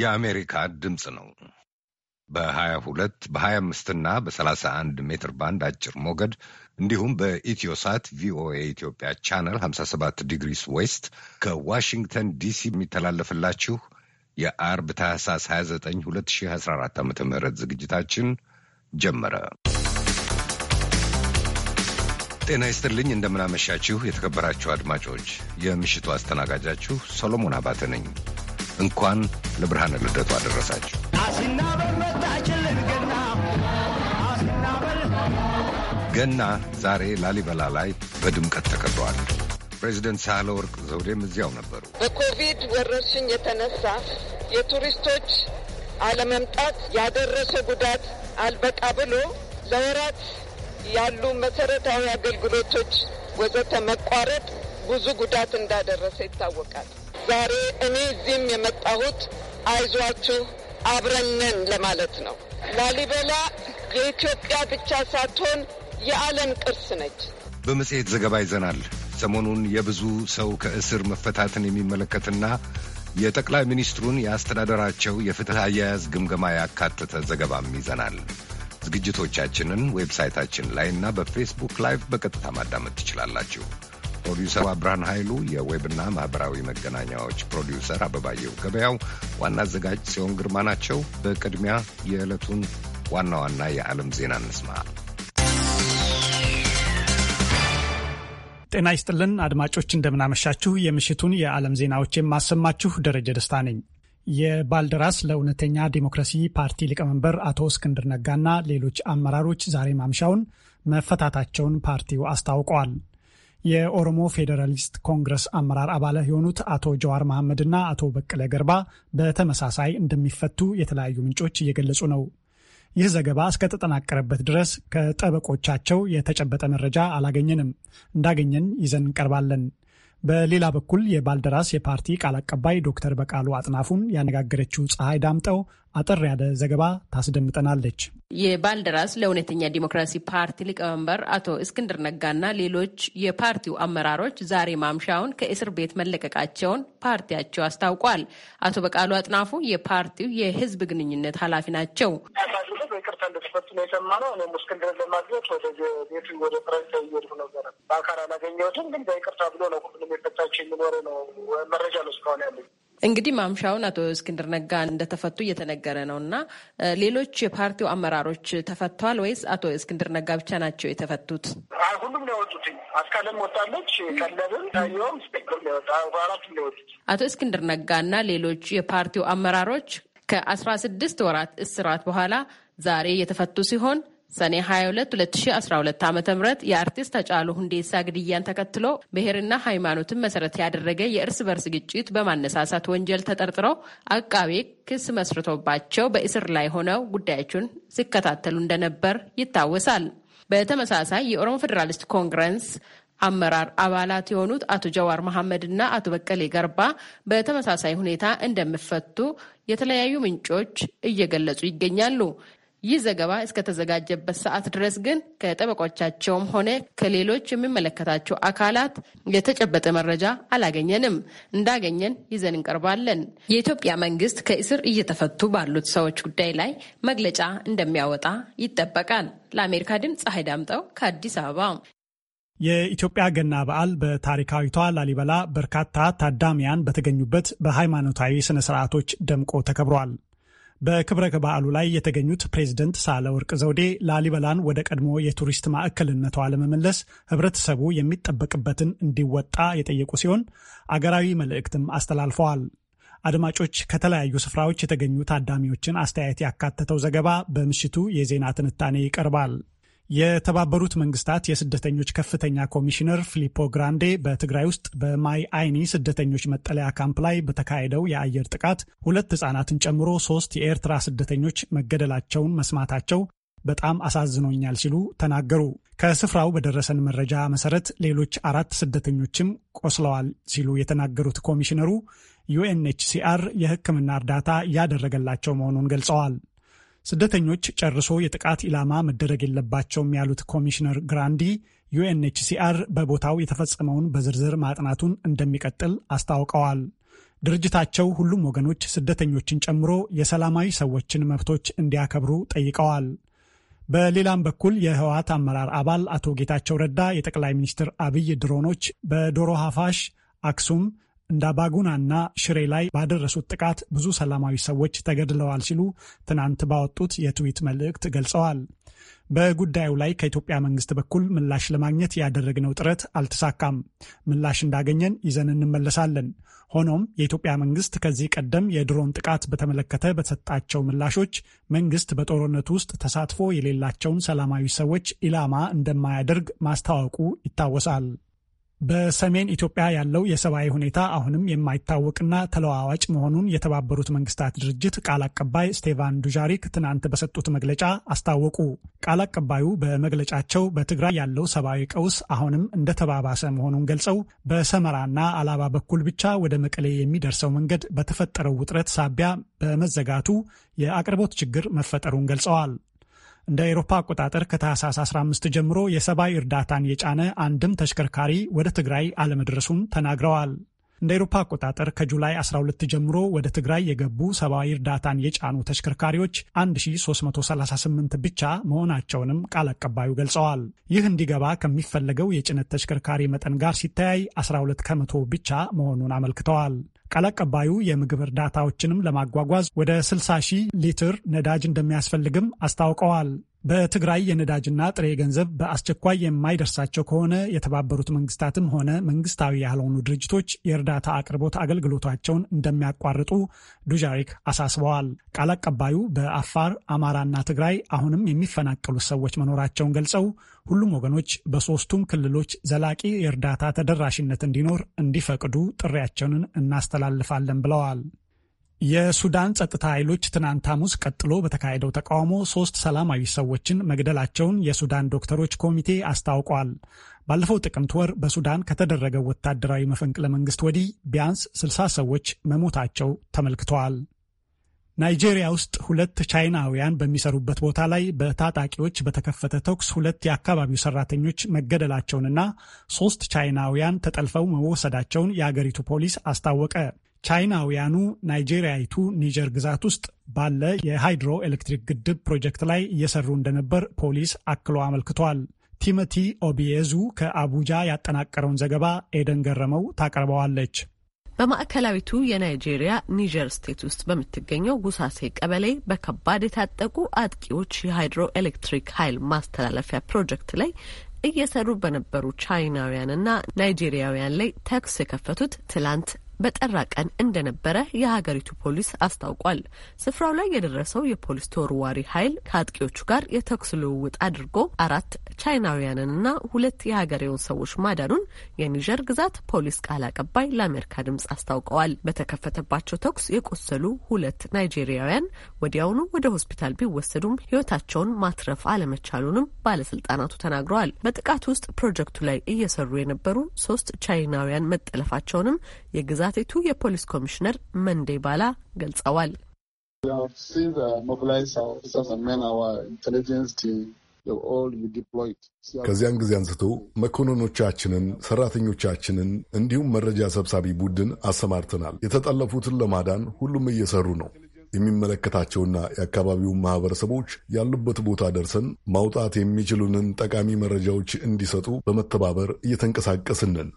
የአሜሪካ ድምፅ ነው። በ22 በ25 እና በ31 ሜትር ባንድ አጭር ሞገድ እንዲሁም በኢትዮሳት ቪኦኤ ኢትዮጵያ ቻነል 57 ዲግሪስ ዌስት ከዋሽንግተን ዲሲ የሚተላለፍላችሁ የአርብ ታህሳስ 29 2014 ዓ ም ዝግጅታችን ጀመረ። ጤና ይስጥልኝ። እንደምናመሻችሁ የተከበራችሁ አድማጮች፣ የምሽቱ አስተናጋጃችሁ ሰሎሞን አባተ ነኝ። እንኳን ለብርሃነ ልደቱ አደረሳችሁ። ገና ዛሬ ላሊበላ ላይ በድምቀት ተከብረዋል። ፕሬዚደንት ሳህለ ወርቅ ዘውዴም እዚያው ነበሩ። በኮቪድ ወረርሽኝ የተነሳ የቱሪስቶች አለመምጣት ያደረሰ ጉዳት አልበቃ ብሎ ለወራት ያሉ መሰረታዊ አገልግሎቶች ወዘተ መቋረጥ ብዙ ጉዳት እንዳደረሰ ይታወቃል። ዛሬ እኔ እዚህም የመጣሁት አይዟችሁ አብረነን ለማለት ነው። ላሊበላ የኢትዮጵያ ብቻ ሳትሆን የዓለም ቅርስ ነች። በመጽሔት ዘገባ ይዘናል። ሰሞኑን የብዙ ሰው ከእስር መፈታትን የሚመለከትና የጠቅላይ ሚኒስትሩን የአስተዳደራቸው የፍትህ አያያዝ ግምገማ ያካተተ ዘገባም ይዘናል። ዝግጅቶቻችንን ዌብሳይታችን ላይ እና በፌስቡክ ላይቭ በቀጥታ ማዳመጥ ትችላላችሁ። ፕሮዲውሰሩ ብርሃን ኃይሉ፣ የዌብና ማኅበራዊ መገናኛዎች ፕሮዲውሰር አበባየው ገበያው፣ ዋና አዘጋጅ ሲሆን ግርማ ናቸው። በቅድሚያ የዕለቱን ዋና ዋና የዓለም ዜና እንስማ። ጤና ይስጥልን አድማጮች፣ እንደምናመሻችሁ። የምሽቱን የዓለም ዜናዎች የማሰማችሁ ደረጀ ደስታ ነኝ። የባልደራስ ለእውነተኛ ዲሞክራሲ ፓርቲ ሊቀመንበር አቶ እስክንድር ነጋና ሌሎች አመራሮች ዛሬ ማምሻውን መፈታታቸውን ፓርቲው አስታውቀዋል። የኦሮሞ ፌዴራሊስት ኮንግረስ አመራር አባል የሆኑት አቶ ጀዋር መሐመድና አቶ በቀለ ገርባ በተመሳሳይ እንደሚፈቱ የተለያዩ ምንጮች እየገለጹ ነው። ይህ ዘገባ እስከተጠናቀረበት ድረስ ከጠበቆቻቸው የተጨበጠ መረጃ አላገኘንም። እንዳገኘን ይዘን እንቀርባለን። በሌላ በኩል የባልደራስ የፓርቲ ቃል አቀባይ ዶክተር በቃሉ አጥናፉን ያነጋገረችው ፀሐይ ዳምጠው አጠር ያለ ዘገባ ታስደምጠናለች። የባልደራስ ለእውነተኛ ዲሞክራሲ ፓርቲ ሊቀመንበር አቶ እስክንድር ነጋና ሌሎች የፓርቲው አመራሮች ዛሬ ማምሻውን ከእስር ቤት መለቀቃቸውን ፓርቲያቸው አስታውቋል። አቶ በቃሉ አጥናፉ የፓርቲው የህዝብ ግንኙነት ኃላፊ ናቸው። በይቅርታ እንደተፈቱ ነው የሰማነው። እኔም እስክንድርን ለማግኘት ወደ ቤቱ ወደ ፈረንሳይ እየሄድኩ ነበረ። በአካል አላገኘሁትም፣ ግን በይቅርታ ብሎ ነው ሁሉንም የፈታቸው የሚኖረ ነው መረጃ ነው እስካሁን ያለኝ። እንግዲህ ማምሻውን አቶ እስክንድር ነጋ እንደተፈቱ እየተነገረ ነው እና ሌሎች የፓርቲው አመራሮች ተፈተዋል ወይስ አቶ እስክንድር ነጋ ብቻ ናቸው የተፈቱት? ሁሉም ሊወጡት አስካለም ወጣለች፣ ቀለብም ታየውም ሊወጣ ነው ሊወጡት አቶ እስክንድር ነጋ እና ሌሎች የፓርቲው አመራሮች ከአስራ ስድስት ወራት እስራት በኋላ ዛሬ የተፈቱ ሲሆን ሰኔ 22 2012 ዓ ም የአርቲስት ሃጫሉ ሁንዴሳ ግድያን ተከትሎ ብሔርና ሃይማኖትን መሰረት ያደረገ የእርስ በርስ ግጭት በማነሳሳት ወንጀል ተጠርጥረው አቃቤ ክስ መስርቶባቸው በእስር ላይ ሆነው ጉዳያቸውን ሲከታተሉ እንደነበር ይታወሳል። በተመሳሳይ የኦሮሞ ፌዴራሊስት ኮንግረስ አመራር አባላት የሆኑት አቶ ጀዋር መሐመድ እና አቶ በቀሌ ገርባ በተመሳሳይ ሁኔታ እንደሚፈቱ የተለያዩ ምንጮች እየገለጹ ይገኛሉ። ይህ ዘገባ እስከተዘጋጀበት ሰዓት ድረስ ግን ከጠበቆቻቸውም ሆነ ከሌሎች የሚመለከታቸው አካላት የተጨበጠ መረጃ አላገኘንም። እንዳገኘን ይዘን እንቀርባለን። የኢትዮጵያ መንግስት ከእስር እየተፈቱ ባሉት ሰዎች ጉዳይ ላይ መግለጫ እንደሚያወጣ ይጠበቃል። ለአሜሪካ ድምፅ ፀሐይ ዳምጠው ከአዲስ አበባ። የኢትዮጵያ ገና በዓል በታሪካዊቷ ላሊበላ በርካታ ታዳሚያን በተገኙበት በሃይማኖታዊ ስነ ስርዓቶች ደምቆ ተከብሯል። በክብረ በዓሉ ላይ የተገኙት ፕሬዝደንት ሳህለወርቅ ዘውዴ ላሊበላን ወደ ቀድሞ የቱሪስት ማዕከልነቷ ለመመለስ ህብረተሰቡ የሚጠበቅበትን እንዲወጣ የጠየቁ ሲሆን አገራዊ መልእክትም አስተላልፈዋል። አድማጮች፣ ከተለያዩ ስፍራዎች የተገኙ ታዳሚዎችን አስተያየት ያካተተው ዘገባ በምሽቱ የዜና ትንታኔ ይቀርባል። የተባበሩት መንግስታት የስደተኞች ከፍተኛ ኮሚሽነር ፊሊፖ ግራንዴ በትግራይ ውስጥ በማይ አይኒ ስደተኞች መጠለያ ካምፕ ላይ በተካሄደው የአየር ጥቃት ሁለት ህጻናትን ጨምሮ ሶስት የኤርትራ ስደተኞች መገደላቸውን መስማታቸው በጣም አሳዝኖኛል ሲሉ ተናገሩ። ከስፍራው በደረሰን መረጃ መሰረት ሌሎች አራት ስደተኞችም ቆስለዋል ሲሉ የተናገሩት ኮሚሽነሩ ዩኤንኤችሲአር የሕክምና እርዳታ እያደረገላቸው መሆኑን ገልጸዋል። ስደተኞች ጨርሶ የጥቃት ኢላማ መደረግ የለባቸውም ያሉት ኮሚሽነር ግራንዲ ዩኤንኤችሲአር በቦታው የተፈጸመውን በዝርዝር ማጥናቱን እንደሚቀጥል አስታውቀዋል። ድርጅታቸው ሁሉም ወገኖች ስደተኞችን ጨምሮ የሰላማዊ ሰዎችን መብቶች እንዲያከብሩ ጠይቀዋል። በሌላም በኩል የህወሓት አመራር አባል አቶ ጌታቸው ረዳ የጠቅላይ ሚኒስትር አብይ ድሮኖች በዶሮ ሀፋሽ፣ አክሱም እንደ ባጉናና ሽሬ ላይ ባደረሱት ጥቃት ብዙ ሰላማዊ ሰዎች ተገድለዋል ሲሉ ትናንት ባወጡት የትዊት መልእክት ገልጸዋል። በጉዳዩ ላይ ከኢትዮጵያ መንግስት በኩል ምላሽ ለማግኘት ያደረግነው ጥረት አልተሳካም። ምላሽ እንዳገኘን ይዘን እንመለሳለን። ሆኖም የኢትዮጵያ መንግስት ከዚህ ቀደም የድሮን ጥቃት በተመለከተ በሰጣቸው ምላሾች መንግስት በጦርነት ውስጥ ተሳትፎ የሌላቸውን ሰላማዊ ሰዎች ኢላማ እንደማያደርግ ማስታወቁ ይታወሳል። በሰሜን ኢትዮጵያ ያለው የሰብአዊ ሁኔታ አሁንም የማይታወቅና ተለዋዋጭ መሆኑን የተባበሩት መንግስታት ድርጅት ቃል አቀባይ ስቴቫን ዱዣሪክ ትናንት በሰጡት መግለጫ አስታወቁ። ቃል አቀባዩ በመግለጫቸው በትግራይ ያለው ሰብአዊ ቀውስ አሁንም እንደተባባሰ መሆኑን ገልጸው በሰመራና አላባ በኩል ብቻ ወደ መቀሌ የሚደርሰው መንገድ በተፈጠረው ውጥረት ሳቢያ በመዘጋቱ የአቅርቦት ችግር መፈጠሩን ገልጸዋል። እንደ አውሮፓ አቆጣጠር ከታህሳስ 15 ጀምሮ የሰብአዊ እርዳታን የጫነ አንድም ተሽከርካሪ ወደ ትግራይ አለመድረሱን ተናግረዋል። እንደ አውሮፓ አቆጣጠር ከጁላይ 12 ጀምሮ ወደ ትግራይ የገቡ ሰብአዊ እርዳታን የጫኑ ተሽከርካሪዎች 1338 ብቻ መሆናቸውንም ቃል አቀባዩ ገልጸዋል። ይህ እንዲገባ ከሚፈለገው የጭነት ተሽከርካሪ መጠን ጋር ሲተያይ 12 ከመቶ ብቻ መሆኑን አመልክተዋል። ቃል አቀባዩ የምግብ እርዳታዎችንም ለማጓጓዝ ወደ 60 ሺህ ሊትር ነዳጅ እንደሚያስፈልግም አስታውቀዋል። በትግራይ የነዳጅና ጥሬ ገንዘብ በአስቸኳይ የማይደርሳቸው ከሆነ የተባበሩት መንግስታትም ሆነ መንግስታዊ ያልሆኑ ድርጅቶች የእርዳታ አቅርቦት አገልግሎታቸውን እንደሚያቋርጡ ዱዣሪክ አሳስበዋል። ቃል አቀባዩ በአፋር አማራና ትግራይ አሁንም የሚፈናቀሉት ሰዎች መኖራቸውን ገልጸው ሁሉም ወገኖች በሶስቱም ክልሎች ዘላቂ የእርዳታ ተደራሽነት እንዲኖር እንዲፈቅዱ ጥሪያቸውን እናስተላልፋለን ብለዋል። የሱዳን ጸጥታ ኃይሎች ትናንት ሐሙስ ቀጥሎ በተካሄደው ተቃውሞ ሶስት ሰላማዊ ሰዎችን መግደላቸውን የሱዳን ዶክተሮች ኮሚቴ አስታውቋል። ባለፈው ጥቅምት ወር በሱዳን ከተደረገው ወታደራዊ መፈንቅለ መንግስት ወዲህ ቢያንስ ስልሳ ሰዎች መሞታቸው ተመልክተዋል። ናይጄሪያ ውስጥ ሁለት ቻይናውያን በሚሰሩበት ቦታ ላይ በታጣቂዎች በተከፈተ ተኩስ ሁለት የአካባቢው ሰራተኞች መገደላቸውንና ሶስት ቻይናውያን ተጠልፈው መወሰዳቸውን የአገሪቱ ፖሊስ አስታወቀ። ቻይናውያኑ ናይጄሪያዊቱ ኒጀር ግዛት ውስጥ ባለ የሃይድሮ ኤሌክትሪክ ግድብ ፕሮጀክት ላይ እየሰሩ እንደነበር ፖሊስ አክሎ አመልክቷል። ቲሞቲ ኦቢየዙ ከአቡጃ ያጠናቀረውን ዘገባ ኤደን ገረመው ታቀርበዋለች። በማዕከላዊቱ የናይጄሪያ ኒጀር ስቴት ውስጥ በምትገኘው ጉሳሴ ቀበሌ በከባድ የታጠቁ አጥቂዎች የሃይድሮ ኤሌክትሪክ ኃይል ማስተላለፊያ ፕሮጀክት ላይ እየሰሩ በነበሩ ቻይናውያንና ናይጄሪያውያን ላይ ተኩስ የከፈቱት ትላንት በጠራ ቀን እንደነበረ የሀገሪቱ ፖሊስ አስታውቋል። ስፍራው ላይ የደረሰው የፖሊስ ተወርዋሪ ኃይል ከአጥቂዎቹ ጋር የተኩስ ልውውጥ አድርጎ አራት ቻይናውያንንና ሁለት የሀገሬውን ሰዎች ማዳኑን የኒጀር ግዛት ፖሊስ ቃል አቀባይ ለአሜሪካ ድምጽ አስታውቀዋል። በተከፈተባቸው ተኩስ የቆሰሉ ሁለት ናይጄሪያውያን ወዲያውኑ ወደ ሆስፒታል ቢወሰዱም ሕይወታቸውን ማትረፍ አለመቻሉንም ባለስልጣናቱ ተናግረዋል። በጥቃት ውስጥ ፕሮጀክቱ ላይ እየሰሩ የነበሩ ሶስት ቻይናውያን መጠለፋቸውንም የግዛ ግዛቲቱ የፖሊስ ኮሚሽነር መንዴ ባላ ገልጸዋል። ከዚያን ጊዜ አንስቶ መኮንኖቻችንን፣ ሰራተኞቻችንን እንዲሁም መረጃ ሰብሳቢ ቡድን አሰማርተናል። የተጠለፉትን ለማዳን ሁሉም እየሰሩ ነው። የሚመለከታቸውና የአካባቢውን ማህበረሰቦች ያሉበት ቦታ ደርሰን ማውጣት የሚችሉንን ጠቃሚ መረጃዎች እንዲሰጡ በመተባበር እየተንቀሳቀስንን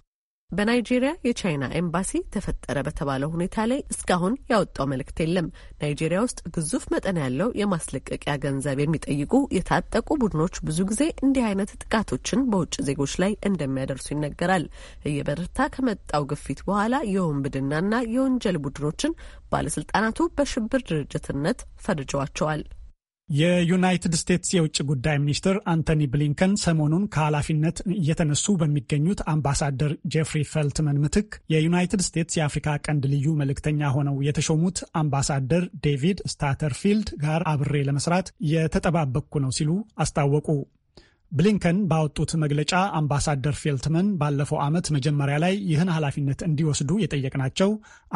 በናይጄሪያ የቻይና ኤምባሲ ተፈጠረ በተባለው ሁኔታ ላይ እስካሁን ያወጣው መልእክት የለም። ናይጄሪያ ውስጥ ግዙፍ መጠን ያለው የማስለቀቂያ ገንዘብ የሚጠይቁ የታጠቁ ቡድኖች ብዙ ጊዜ እንዲህ አይነት ጥቃቶችን በውጭ ዜጎች ላይ እንደሚያደርሱ ይነገራል። እየበረታ ከመጣው ግፊት በኋላ የወንብድናና የወንጀል ቡድኖችን ባለስልጣናቱ በሽብር ድርጅትነት ፈርጀዋቸዋል። የዩናይትድ ስቴትስ የውጭ ጉዳይ ሚኒስትር አንቶኒ ብሊንከን ሰሞኑን ከኃላፊነት እየተነሱ በሚገኙት አምባሳደር ጄፍሪ ፈልትመን ምትክ የዩናይትድ ስቴትስ የአፍሪካ ቀንድ ልዩ መልእክተኛ ሆነው የተሾሙት አምባሳደር ዴቪድ ስታተርፊልድ ጋር አብሬ ለመስራት የተጠባበቅኩ ነው ሲሉ አስታወቁ። ብሊንከን ባወጡት መግለጫ አምባሳደር ፌልትመን ባለፈው ዓመት መጀመሪያ ላይ ይህን ኃላፊነት እንዲወስዱ የጠየቅናቸው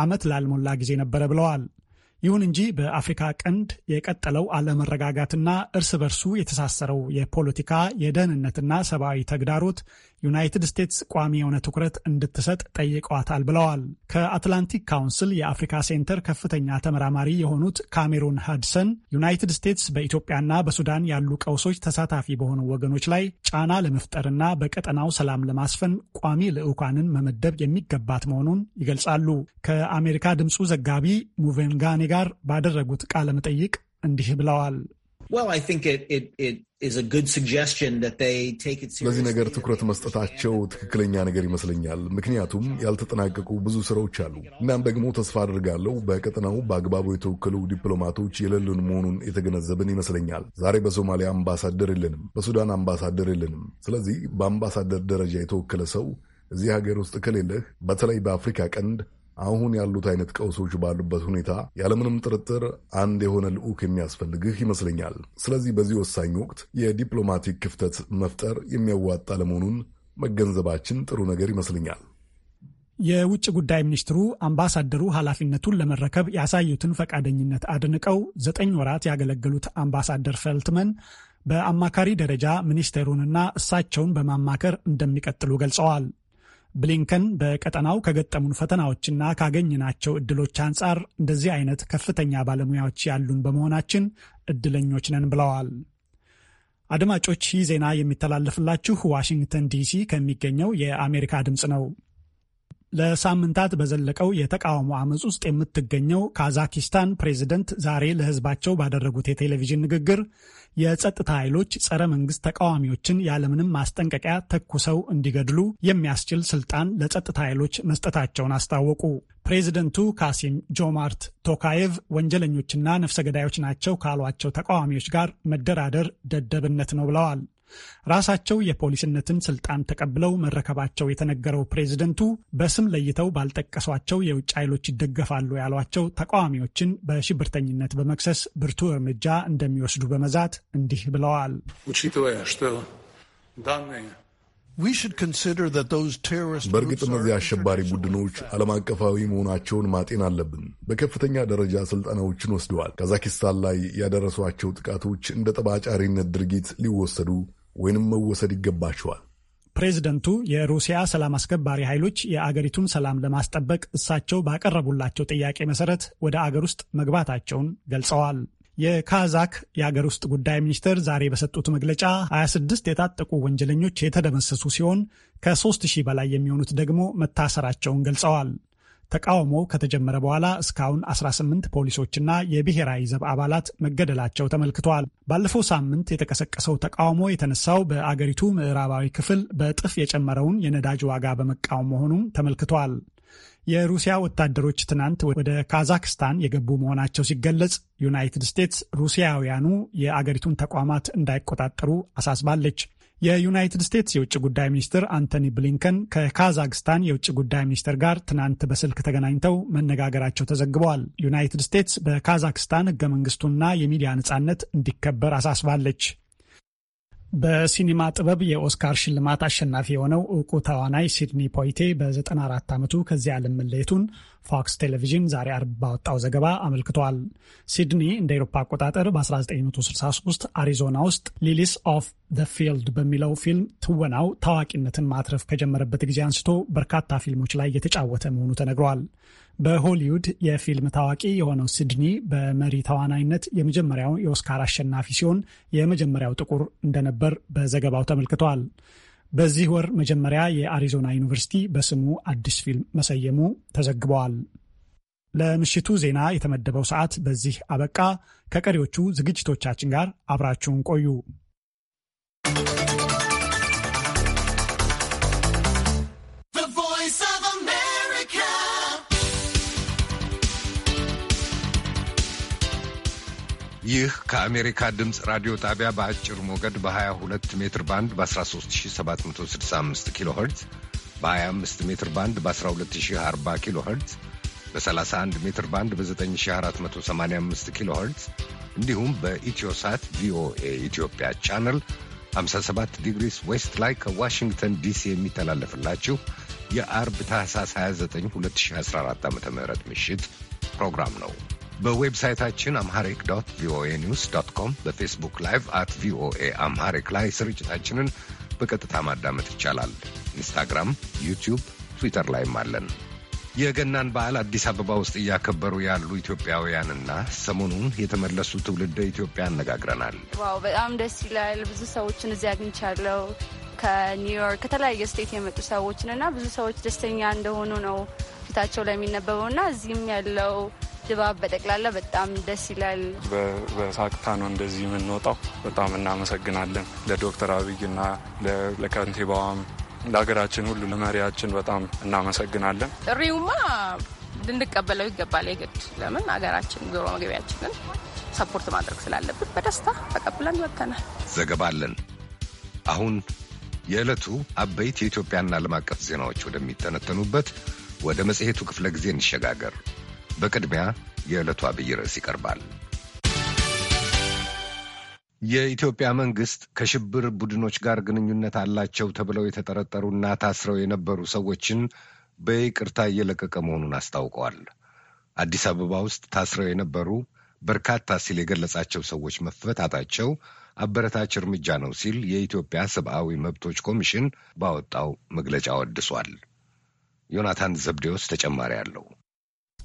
ዓመት ላልሞላ ጊዜ ነበረ ብለዋል። ይሁን እንጂ በአፍሪካ ቀንድ የቀጠለው አለመረጋጋትና እርስ በርሱ የተሳሰረው የፖለቲካ የደህንነትና ሰብአዊ ተግዳሮት ዩናይትድ ስቴትስ ቋሚ የሆነ ትኩረት እንድትሰጥ ጠይቀዋታል ብለዋል። ከአትላንቲክ ካውንስል የአፍሪካ ሴንተር ከፍተኛ ተመራማሪ የሆኑት ካሜሩን ሃድሰን ዩናይትድ ስቴትስ በኢትዮጵያና በሱዳን ያሉ ቀውሶች ተሳታፊ በሆኑ ወገኖች ላይ ጫና ለመፍጠርና በቀጠናው ሰላም ለማስፈን ቋሚ ልዑካንን መመደብ የሚገባት መሆኑን ይገልጻሉ። ከአሜሪካ ድምፁ ዘጋቢ ሙቬንጋኔ ጋር ባደረጉት ቃለ መጠይቅ እንዲህ ብለዋል። ለዚህ ነገር ትኩረት መስጠታቸው ትክክለኛ ነገር ይመስለኛል። ምክንያቱም ያልተጠናቀቁ ብዙ ስራዎች አሉ። እናም ደግሞ ተስፋ አድርጋለሁ በቀጠናው በአግባቡ የተወከሉ ዲፕሎማቶች የሌሉን መሆኑን የተገነዘብን ይመስለኛል። ዛሬ በሶማሊያ አምባሳደር የለንም፣ በሱዳን አምባሳደር የለንም። ስለዚህ በአምባሳደር ደረጃ የተወከለ ሰው እዚህ ሀገር ውስጥ ከሌለህ፣ በተለይ በአፍሪካ ቀንድ አሁን ያሉት አይነት ቀውሶች ባሉበት ሁኔታ ያለምንም ጥርጥር አንድ የሆነ ልዑክ የሚያስፈልግህ ይመስለኛል። ስለዚህ በዚህ ወሳኝ ወቅት የዲፕሎማቲክ ክፍተት መፍጠር የሚያዋጣ ለመሆኑን መገንዘባችን ጥሩ ነገር ይመስለኛል። የውጭ ጉዳይ ሚኒስትሩ አምባሳደሩ ኃላፊነቱን ለመረከብ ያሳዩትን ፈቃደኝነት አድንቀው ዘጠኝ ወራት ያገለገሉት አምባሳደር ፈልትመን በአማካሪ ደረጃ ሚኒስቴሩንና እሳቸውን በማማከር እንደሚቀጥሉ ገልጸዋል። ብሊንከን በቀጠናው ከገጠሙን ፈተናዎችና ካገኝናቸው እድሎች አንጻር እንደዚህ አይነት ከፍተኛ ባለሙያዎች ያሉን በመሆናችን እድለኞች ነን ብለዋል። አድማጮች ይህ ዜና የሚተላለፍላችሁ ዋሽንግተን ዲሲ ከሚገኘው የአሜሪካ ድምፅ ነው። ለሳምንታት በዘለቀው የተቃውሞ አመፅ ውስጥ የምትገኘው ካዛኪስታን ፕሬዚደንት ዛሬ ለህዝባቸው ባደረጉት የቴሌቪዥን ንግግር የጸጥታ ኃይሎች ጸረ መንግስት ተቃዋሚዎችን ያለምንም ማስጠንቀቂያ ተኩሰው እንዲገድሉ የሚያስችል ስልጣን ለጸጥታ ኃይሎች መስጠታቸውን አስታወቁ። ፕሬዚደንቱ ካሲም ጆማርት ቶካየቭ ወንጀለኞችና ነፍሰ ገዳዮች ናቸው ካሏቸው ተቃዋሚዎች ጋር መደራደር ደደብነት ነው ብለዋል። ራሳቸው የፖሊስነትን ስልጣን ተቀብለው መረከባቸው የተነገረው ፕሬዝደንቱ በስም ለይተው ባልጠቀሷቸው የውጭ ኃይሎች ይደገፋሉ ያሏቸው ተቃዋሚዎችን በሽብርተኝነት በመክሰስ ብርቱ እርምጃ እንደሚወስዱ በመዛት እንዲህ ብለዋል። በእርግጥ እነዚህ አሸባሪ ቡድኖች ዓለም አቀፋዊ መሆናቸውን ማጤን አለብን። በከፍተኛ ደረጃ ስልጠናዎችን ወስደዋል። ካዛኪስታን ላይ ያደረሷቸው ጥቃቶች እንደ ጠባጫሪነት ድርጊት ሊወሰዱ ወይንም መወሰድ ይገባቸዋል። ፕሬዚደንቱ የሩሲያ ሰላም አስከባሪ ኃይሎች የአገሪቱን ሰላም ለማስጠበቅ እሳቸው ባቀረቡላቸው ጥያቄ መሰረት ወደ አገር ውስጥ መግባታቸውን ገልጸዋል። የካዛክ የአገር ውስጥ ጉዳይ ሚኒስትር ዛሬ በሰጡት መግለጫ 26 የታጠቁ ወንጀለኞች የተደመሰሱ ሲሆን ከ3000 በላይ የሚሆኑት ደግሞ መታሰራቸውን ገልጸዋል። ተቃውሞው ከተጀመረ በኋላ እስካሁን 18 ፖሊሶችና የብሔራዊ ዘብ አባላት መገደላቸው ተመልክተዋል። ባለፈው ሳምንት የተቀሰቀሰው ተቃውሞ የተነሳው በአገሪቱ ምዕራባዊ ክፍል በእጥፍ የጨመረውን የነዳጅ ዋጋ በመቃወም መሆኑም ተመልክተዋል። የሩሲያ ወታደሮች ትናንት ወደ ካዛክስታን የገቡ መሆናቸው ሲገለጽ፣ ዩናይትድ ስቴትስ ሩሲያውያኑ የአገሪቱን ተቋማት እንዳይቆጣጠሩ አሳስባለች። የዩናይትድ ስቴትስ የውጭ ጉዳይ ሚኒስትር አንቶኒ ብሊንከን ከካዛክስታን የውጭ ጉዳይ ሚኒስትር ጋር ትናንት በስልክ ተገናኝተው መነጋገራቸው ተዘግበዋል። ዩናይትድ ስቴትስ በካዛክስታን ህገ መንግስቱና የሚዲያ ነጻነት እንዲከበር አሳስባለች። በሲኒማ ጥበብ የኦስካር ሽልማት አሸናፊ የሆነው እውቁ ተዋናይ ሲድኒ ፖይቴ በ94 ዓመቱ ከዚህ ዓለም መለየቱን ፎክስ ቴሌቪዥን ዛሬ አርብ ባወጣው ዘገባ አመልክቷል። ሲድኒ እንደ ኤሮፓ አቆጣጠር በ1963 አሪዞና ውስጥ ሊሊስ ኦፍ ዘ ፊልድ በሚለው ፊልም ትወናው ታዋቂነትን ማትረፍ ከጀመረበት ጊዜ አንስቶ በርካታ ፊልሞች ላይ የተጫወተ መሆኑ ተነግሯል። በሆሊውድ የፊልም ታዋቂ የሆነው ሲድኒ በመሪ ተዋናይነት የመጀመሪያው የኦስካር አሸናፊ ሲሆን የመጀመሪያው ጥቁር እንደነበር በዘገባው ተመልክተዋል። በዚህ ወር መጀመሪያ የአሪዞና ዩኒቨርሲቲ በስሙ አዲስ ፊልም መሰየሙ ተዘግበዋል። ለምሽቱ ዜና የተመደበው ሰዓት በዚህ አበቃ። ከቀሪዎቹ ዝግጅቶቻችን ጋር አብራችሁን ቆዩ። ይህ ከአሜሪካ ድምፅ ራዲዮ ጣቢያ በአጭር ሞገድ በ22 ሜትር ባንድ በ13765 ኪሎ ኸርትዝ በ25 ሜትር ባንድ በ1240 ኪሎ ኸርትዝ በ31 ሜትር ባንድ በ9485 ኪሎ ኸርትዝ እንዲሁም በኢትዮሳት ቪኦኤ ኢትዮጵያ ቻነል 57 ዲግሪስ ዌስት ላይ ከዋሽንግተን ዲሲ የሚተላለፍላችሁ የአርብ ታህሳስ 29 2014 ዓ ም ምሽት ፕሮግራም ነው። በዌብሳይታችን አምሐሪክ ዶት ቪኦኤ ኒውስ ዶት ኮም በፌስቡክ ላይቭ አት ቪኦኤ አምሐሪክ ላይ ስርጭታችንን በቀጥታ ማዳመጥ ይቻላል። ኢንስታግራም፣ ዩቲዩብ፣ ትዊተር ላይም አለን። የገናን በዓል አዲስ አበባ ውስጥ እያከበሩ ያሉ ኢትዮጵያውያንና ሰሞኑን የተመለሱ ትውልደ ኢትዮጵያ አነጋግረናል። ዋው በጣም ደስ ይላል። ብዙ ሰዎችን እዚህ አግኝቻለሁ። ከኒውዮርክ ከተለያየ ስቴት የመጡ ሰዎችን እና ብዙ ሰዎች ደስተኛ እንደሆኑ ነው ፊታቸው ላይ የሚነበበው እና እዚህም ያለው ድባብ በጠቅላላ በጣም ደስ ይላል። በሳቅታ ነው እንደዚህ የምንወጣው። በጣም እናመሰግናለን ለዶክተር አብይና ለከንቲባዋም ለሀገራችን ሁሉ ለመሪያችን በጣም እናመሰግናለን። ጥሪውማ ልንቀበለው ይገባል የግድ ለምን ሀገራችን ግሮ መግቢያችንን ሰፖርት ማድረግ ስላለብን በደስታ ተቀብለን ይወተናል። ዘገባለን አሁን የዕለቱ አበይት የኢትዮጵያና ዓለም አቀፍ ዜናዎች ወደሚተነተኑበት ወደ መጽሔቱ ክፍለ ጊዜ እንሸጋገር። በቅድሚያ የዕለቱ አብይ ርዕስ ይቀርባል። የኢትዮጵያ መንግስት ከሽብር ቡድኖች ጋር ግንኙነት አላቸው ተብለው የተጠረጠሩና ታስረው የነበሩ ሰዎችን በይቅርታ እየለቀቀ መሆኑን አስታውቀዋል። አዲስ አበባ ውስጥ ታስረው የነበሩ በርካታ ሲል የገለጻቸው ሰዎች መፈታታቸው አበረታች እርምጃ ነው ሲል የኢትዮጵያ ሰብአዊ መብቶች ኮሚሽን ባወጣው መግለጫ ወድሷል። ዮናታን ዘብዴዎስ ተጨማሪ አለው።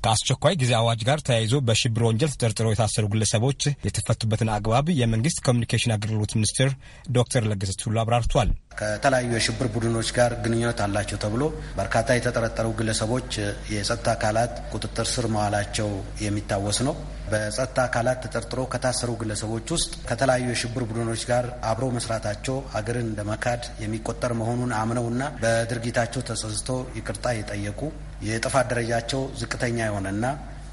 ከአስቸኳይ ጊዜ አዋጅ ጋር ተያይዞ በሽብር ወንጀል ተጠርጥረው የታሰሩ ግለሰቦች የተፈቱበትን አግባብ የመንግስት ኮሚኒኬሽን አገልግሎት ሚኒስትር ዶክተር ለገሰ ቱሉ አብራርቷል። ከተለያዩ የሽብር ቡድኖች ጋር ግንኙነት አላቸው ተብሎ በርካታ የተጠረጠሩ ግለሰቦች የጸጥታ አካላት ቁጥጥር ስር መዋላቸው የሚታወስ ነው። በጸጥታ አካላት ተጠርጥሮ ከታሰሩ ግለሰቦች ውስጥ ከተለያዩ የሽብር ቡድኖች ጋር አብረው መስራታቸው አገርን ለመካድ የሚቆጠር መሆኑን አምነውና በድርጊታቸው ተጸጽተው ይቅርታ የጠየቁ የጥፋት ደረጃቸው ዝቅተኛ የሆነና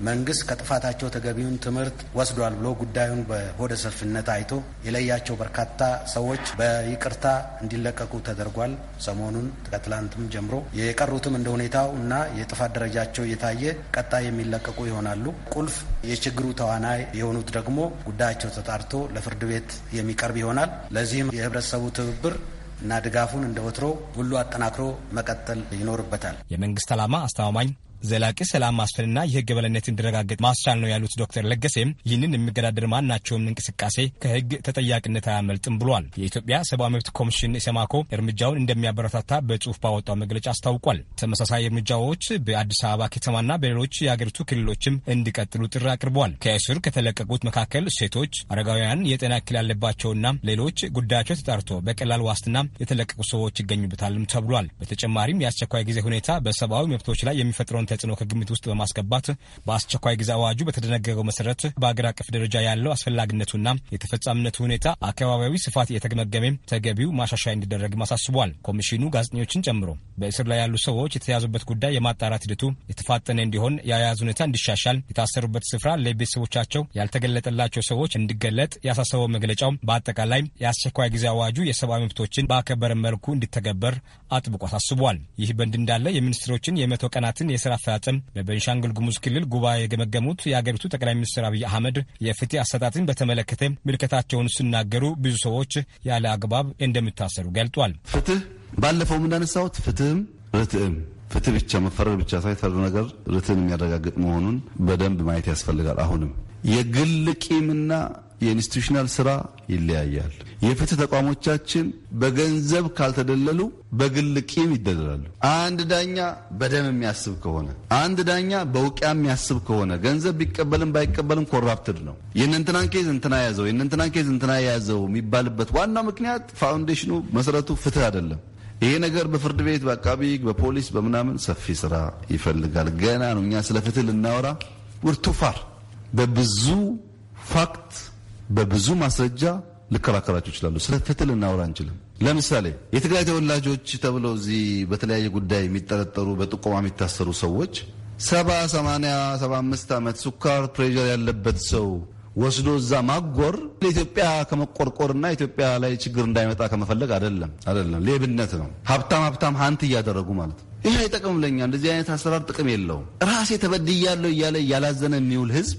መንግስት ከጥፋታቸው ተገቢውን ትምህርት ወስዷል ብሎ ጉዳዩን በሆደ ሰፊነት አይቶ የለያቸው በርካታ ሰዎች በይቅርታ እንዲለቀቁ ተደርጓል። ሰሞኑን ከትላንትም ጀምሮ የቀሩትም እንደ ሁኔታው እና የጥፋት ደረጃቸው እየታየ ቀጣይ የሚለቀቁ ይሆናሉ። ቁልፍ የችግሩ ተዋናይ የሆኑት ደግሞ ጉዳያቸው ተጣርቶ ለፍርድ ቤት የሚቀርብ ይሆናል። ለዚህም የህብረተሰቡ ትብብር እና ድጋፉን እንደ ወትሮ ሁሉ አጠናክሮ መቀጠል ይኖርበታል። የመንግስት ዓላማ አስተማማኝ ዘላቂ ሰላም ማስፈንና የህግ የበላይነት እንዲረጋገጥ ማስቻል ነው ያሉት ዶክተር ለገሴም ይህንን የሚገዳደር ማናቸውም እንቅስቃሴ ከህግ ተጠያቂነት አያመልጥም ብሏል። የኢትዮጵያ ሰብአዊ መብት ኮሚሽን ኢሰማኮ እርምጃውን እንደሚያበረታታ በጽሁፍ ባወጣው መግለጫ አስታውቋል። ተመሳሳይ እርምጃዎች በአዲስ አበባ ከተማና በሌሎች የአገሪቱ ክልሎችም እንዲቀጥሉ ጥሪ አቅርቧል። ከእስር ከተለቀቁት መካከል ሴቶች፣ አረጋውያን፣ የጤና እክል ያለባቸውና ሌሎች ጉዳያቸው ተጣርቶ በቀላል ዋስትና የተለቀቁ ሰዎች ይገኙበታልም ተብሏል። በተጨማሪም የአስቸኳይ ጊዜ ሁኔታ በሰብአዊ መብቶች ላይ የሚፈጥረውን ተጽዕኖ ከግምት ውስጥ በማስገባት በአስቸኳይ ጊዜ አዋጁ በተደነገገው መሰረት በአገር አቀፍ ደረጃ ያለው አስፈላጊነቱና የተፈጻሚነቱ ሁኔታ አካባቢያዊ ስፋት የተገመገመ ተገቢው ማሻሻያ እንዲደረግ አሳስቧል። ኮሚሽኑ ጋዜጠኞችን ጨምሮ በእስር ላይ ያሉ ሰዎች የተያዙበት ጉዳይ የማጣራት ሂደቱ የተፋጠነ እንዲሆን፣ የአያያዝ ሁኔታ እንዲሻሻል፣ የታሰሩበት ስፍራ ለቤተሰቦቻቸው ያልተገለጠላቸው ሰዎች እንዲገለጥ ያሳሰበው መግለጫው በአጠቃላይ የአስቸኳይ ጊዜ አዋጁ የሰብአዊ መብቶችን በአከበረ መልኩ እንዲተገበር አጥብቆ አሳስቧል። ይህ በእንዲህ እንዳለ የሚኒስትሮችን የመቶ ቀናትን የስራ አፈጻጸም በቤንሻንጉል ጉሙዝ ክልል ጉባኤ የገመገሙት የአገሪቱ ጠቅላይ ሚኒስትር አብይ አህመድ የፍትህ አሰጣጥን በተመለከተ ምልከታቸውን ሲናገሩ ብዙ ሰዎች ያለ አግባብ እንደሚታሰሩ ገልጧል። ፍትህ ባለፈው እንዳነሳሁት ፍትህም ርትዕም ፍትህ ብቻ መፈረድ ብቻ ሳይ ነገር ርትዕን የሚያረጋግጥ መሆኑን በደንብ ማየት ያስፈልጋል። አሁንም የግል ቂምና የኢንስቲቱሽናል ስራ ይለያያል። የፍትህ ተቋሞቻችን በገንዘብ ካልተደለሉ በግል ቂም ይደለላሉ። አንድ ዳኛ በደም የሚያስብ ከሆነ፣ አንድ ዳኛ በውቅያ የሚያስብ ከሆነ ገንዘብ ቢቀበልም ባይቀበልም ኮራፕትድ ነው። የእነንትናን ኬዝ እንትና ያዘው የእነንትናን ኬዝ እንትና የያዘው የሚባልበት ዋናው ምክንያት ፋውንዴሽኑ መሰረቱ ፍትህ አይደለም። ይሄ ነገር በፍርድ ቤት፣ በአቃቢ በፖሊስ፣ በምናምን ሰፊ ስራ ይፈልጋል። ገና ነው። እኛ ስለ ፍትህ ልናወራ ውርቱ ፋር በብዙ ፋክት በብዙ ማስረጃ ልከራከራቸው ይችላሉ። ስለ ፍትህ ልናወራ አንችልም። ለምሳሌ የትግራይ ተወላጆች ተብለው እዚህ በተለያየ ጉዳይ የሚጠረጠሩ በጥቆማ የሚታሰሩ ሰዎች ሰባ ሰማንያ ሰባ አምስት ዓመት ሱካር ፕሬዠር ያለበት ሰው ወስዶ እዛ ማጎር ለኢትዮጵያ ከመቆርቆርና ኢትዮጵያ ላይ ችግር እንዳይመጣ ከመፈለግ አይደለም፣ አይደለም ሌብነት ነው። ሀብታም ሀብታም ሀንት እያደረጉ ማለት ነው። ይህ አይጠቅም ለኛ። እንደዚህ አይነት አሰራር ጥቅም የለውም። ራሴ ተበድያለሁ እያለ እያላዘነ የሚውል ህዝብ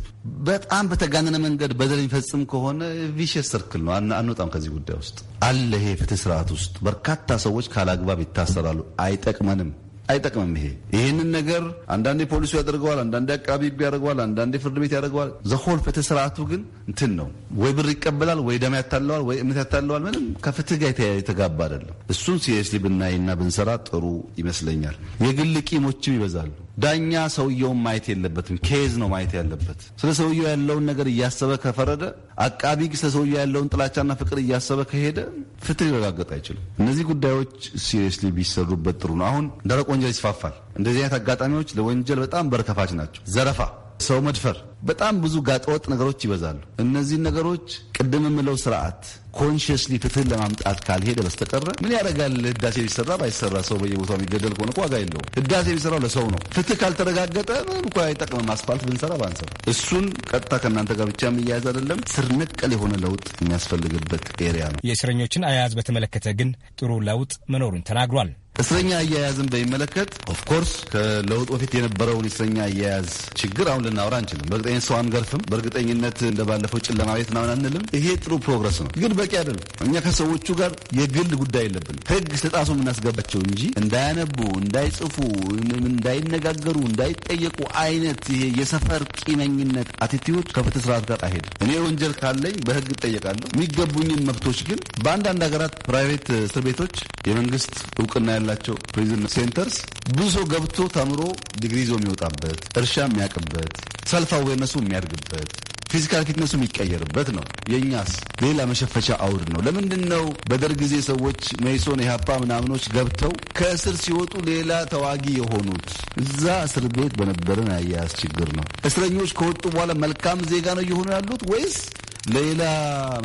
በጣም በተጋነነ መንገድ በደል የሚፈጽም ከሆነ ቪሸስ ሰርክል ነው። አንወጣም ከዚህ ጉዳይ ውስጥ አለ። ይሄ ፍትህ ስርዓት ውስጥ በርካታ ሰዎች ካላግባብ ይታሰራሉ። አይጠቅመንም። አይጠቅምም። ይሄ ይህንን ነገር አንዳንዴ ፖሊሱ ያደርገዋል፣ አንዳንዴ አቃቢ ሕግ ያደርገዋል፣ አንዳንዴ ፍርድ ቤት ያደርገዋል። ዘሆል ፍትህ ስርዓቱ ግን እንትን ነው ወይ ብር ይቀበላል፣ ወይ ደም ያታለዋል፣ ወይ እምነት ያታለዋል። ምንም ከፍትህ ጋር የተጋባ አይደለም። እሱን ሲሪየስሊ ብናይና ብንሰራ ጥሩ ይመስለኛል። የግል ቂሞችም ይበዛሉ። ዳኛ ሰውየውን ማየት የለበትም። ኬዝ ነው ማየት ያለበት። ስለ ሰውየው ያለውን ነገር እያሰበ ከፈረደ፣ አቃቢ ስለ ሰውየው ያለውን ጥላቻና ፍቅር እያሰበ ከሄደ ፍትህ ሊረጋገጥ አይችልም። እነዚህ ጉዳዮች ሲሪየስሊ ቢሰሩበት ጥሩ ነው። አሁን ደረቅ ወንጀል ይስፋፋል። እንደዚህ አይነት አጋጣሚዎች ለወንጀል በጣም በርከፋች ናቸው። ዘረፋ ሰው መድፈር፣ በጣም ብዙ ጋጠወጥ ነገሮች ይበዛሉ። እነዚህን ነገሮች ቅድም የምለው ስርዓት ኮንሽስሊ ፍትህን ለማምጣት ካልሄደ በስተቀረ ምን ያደርጋል? ህዳሴ ቢሰራ ባይሰራ ሰው በየቦታው የሚገደል ከሆነ ዋጋ የለውም። ህዳሴ የሚሰራው ለሰው ነው። ፍትህ ካልተረጋገጠ ምንም እኮ አይጠቅምም። አስፋልት ብንሰራ ባንሰራ፣ እሱን ቀጥታ ከእናንተ ጋር ብቻ የሚያያዝ አይደለም። ስር ነቀል የሆነ ለውጥ የሚያስፈልግበት ኤሪያ ነው። የእስረኞችን አያያዝ በተመለከተ ግን ጥሩ ለውጥ መኖሩን ተናግሯል። እስረኛ አያያዝን በሚመለከት ኦፍኮርስ ከለውጥ በፊት የነበረውን እስረኛ አያያዝ ችግር አሁን ልናወራ አንችልም። በእርግጠኝነት ሰው አንገርፍም። በእርግጠኝነት እንደባለፈው ጨለማ ቤት ምናምን አንልም። ይሄ ጥሩ ፕሮግረስ ነው፣ ግን በቂ አይደለም። እኛ ከሰዎቹ ጋር የግል ጉዳይ የለብን። ህግ ስለጣሱ የምናስገባቸው እንጂ እንዳያነቡ፣ እንዳይጽፉ፣ እንዳይነጋገሩ፣ እንዳይጠየቁ አይነት ይሄ የሰፈር ቂመኝነት አቲቲዩድ ከፍትህ ስርዓት ጋር አይሄድም። እኔ ወንጀል ካለኝ በህግ እጠየቃለሁ። የሚገቡኝን መብቶች ግን በአንዳንድ ሀገራት ፕራይቬት እስር ቤቶች የመንግስት እውቅና ያለ ያላቸው ፕሪዝን ሴንተርስ ብዙ ሰው ገብቶ ተምሮ ዲግሪ ይዞ የሚወጣበት እርሻ የሚያቅበት ሰልፍ አዌርነሱ የሚያድግበት ፊዚካል ፊትነሱ የሚቀየርበት ነው። የእኛስ ሌላ መሸፈቻ አውድ ነው። ለምንድን ነው በደርግ ጊዜ ሰዎች መይሶን፣ ኢህአፓ ምናምኖች ገብተው ከእስር ሲወጡ ሌላ ተዋጊ የሆኑት? እዛ እስር ቤት በነበረን አያያዝ ችግር ነው። እስረኞች ከወጡ በኋላ መልካም ዜጋ ነው እየሆኑ ያሉት ወይስ ለሌላ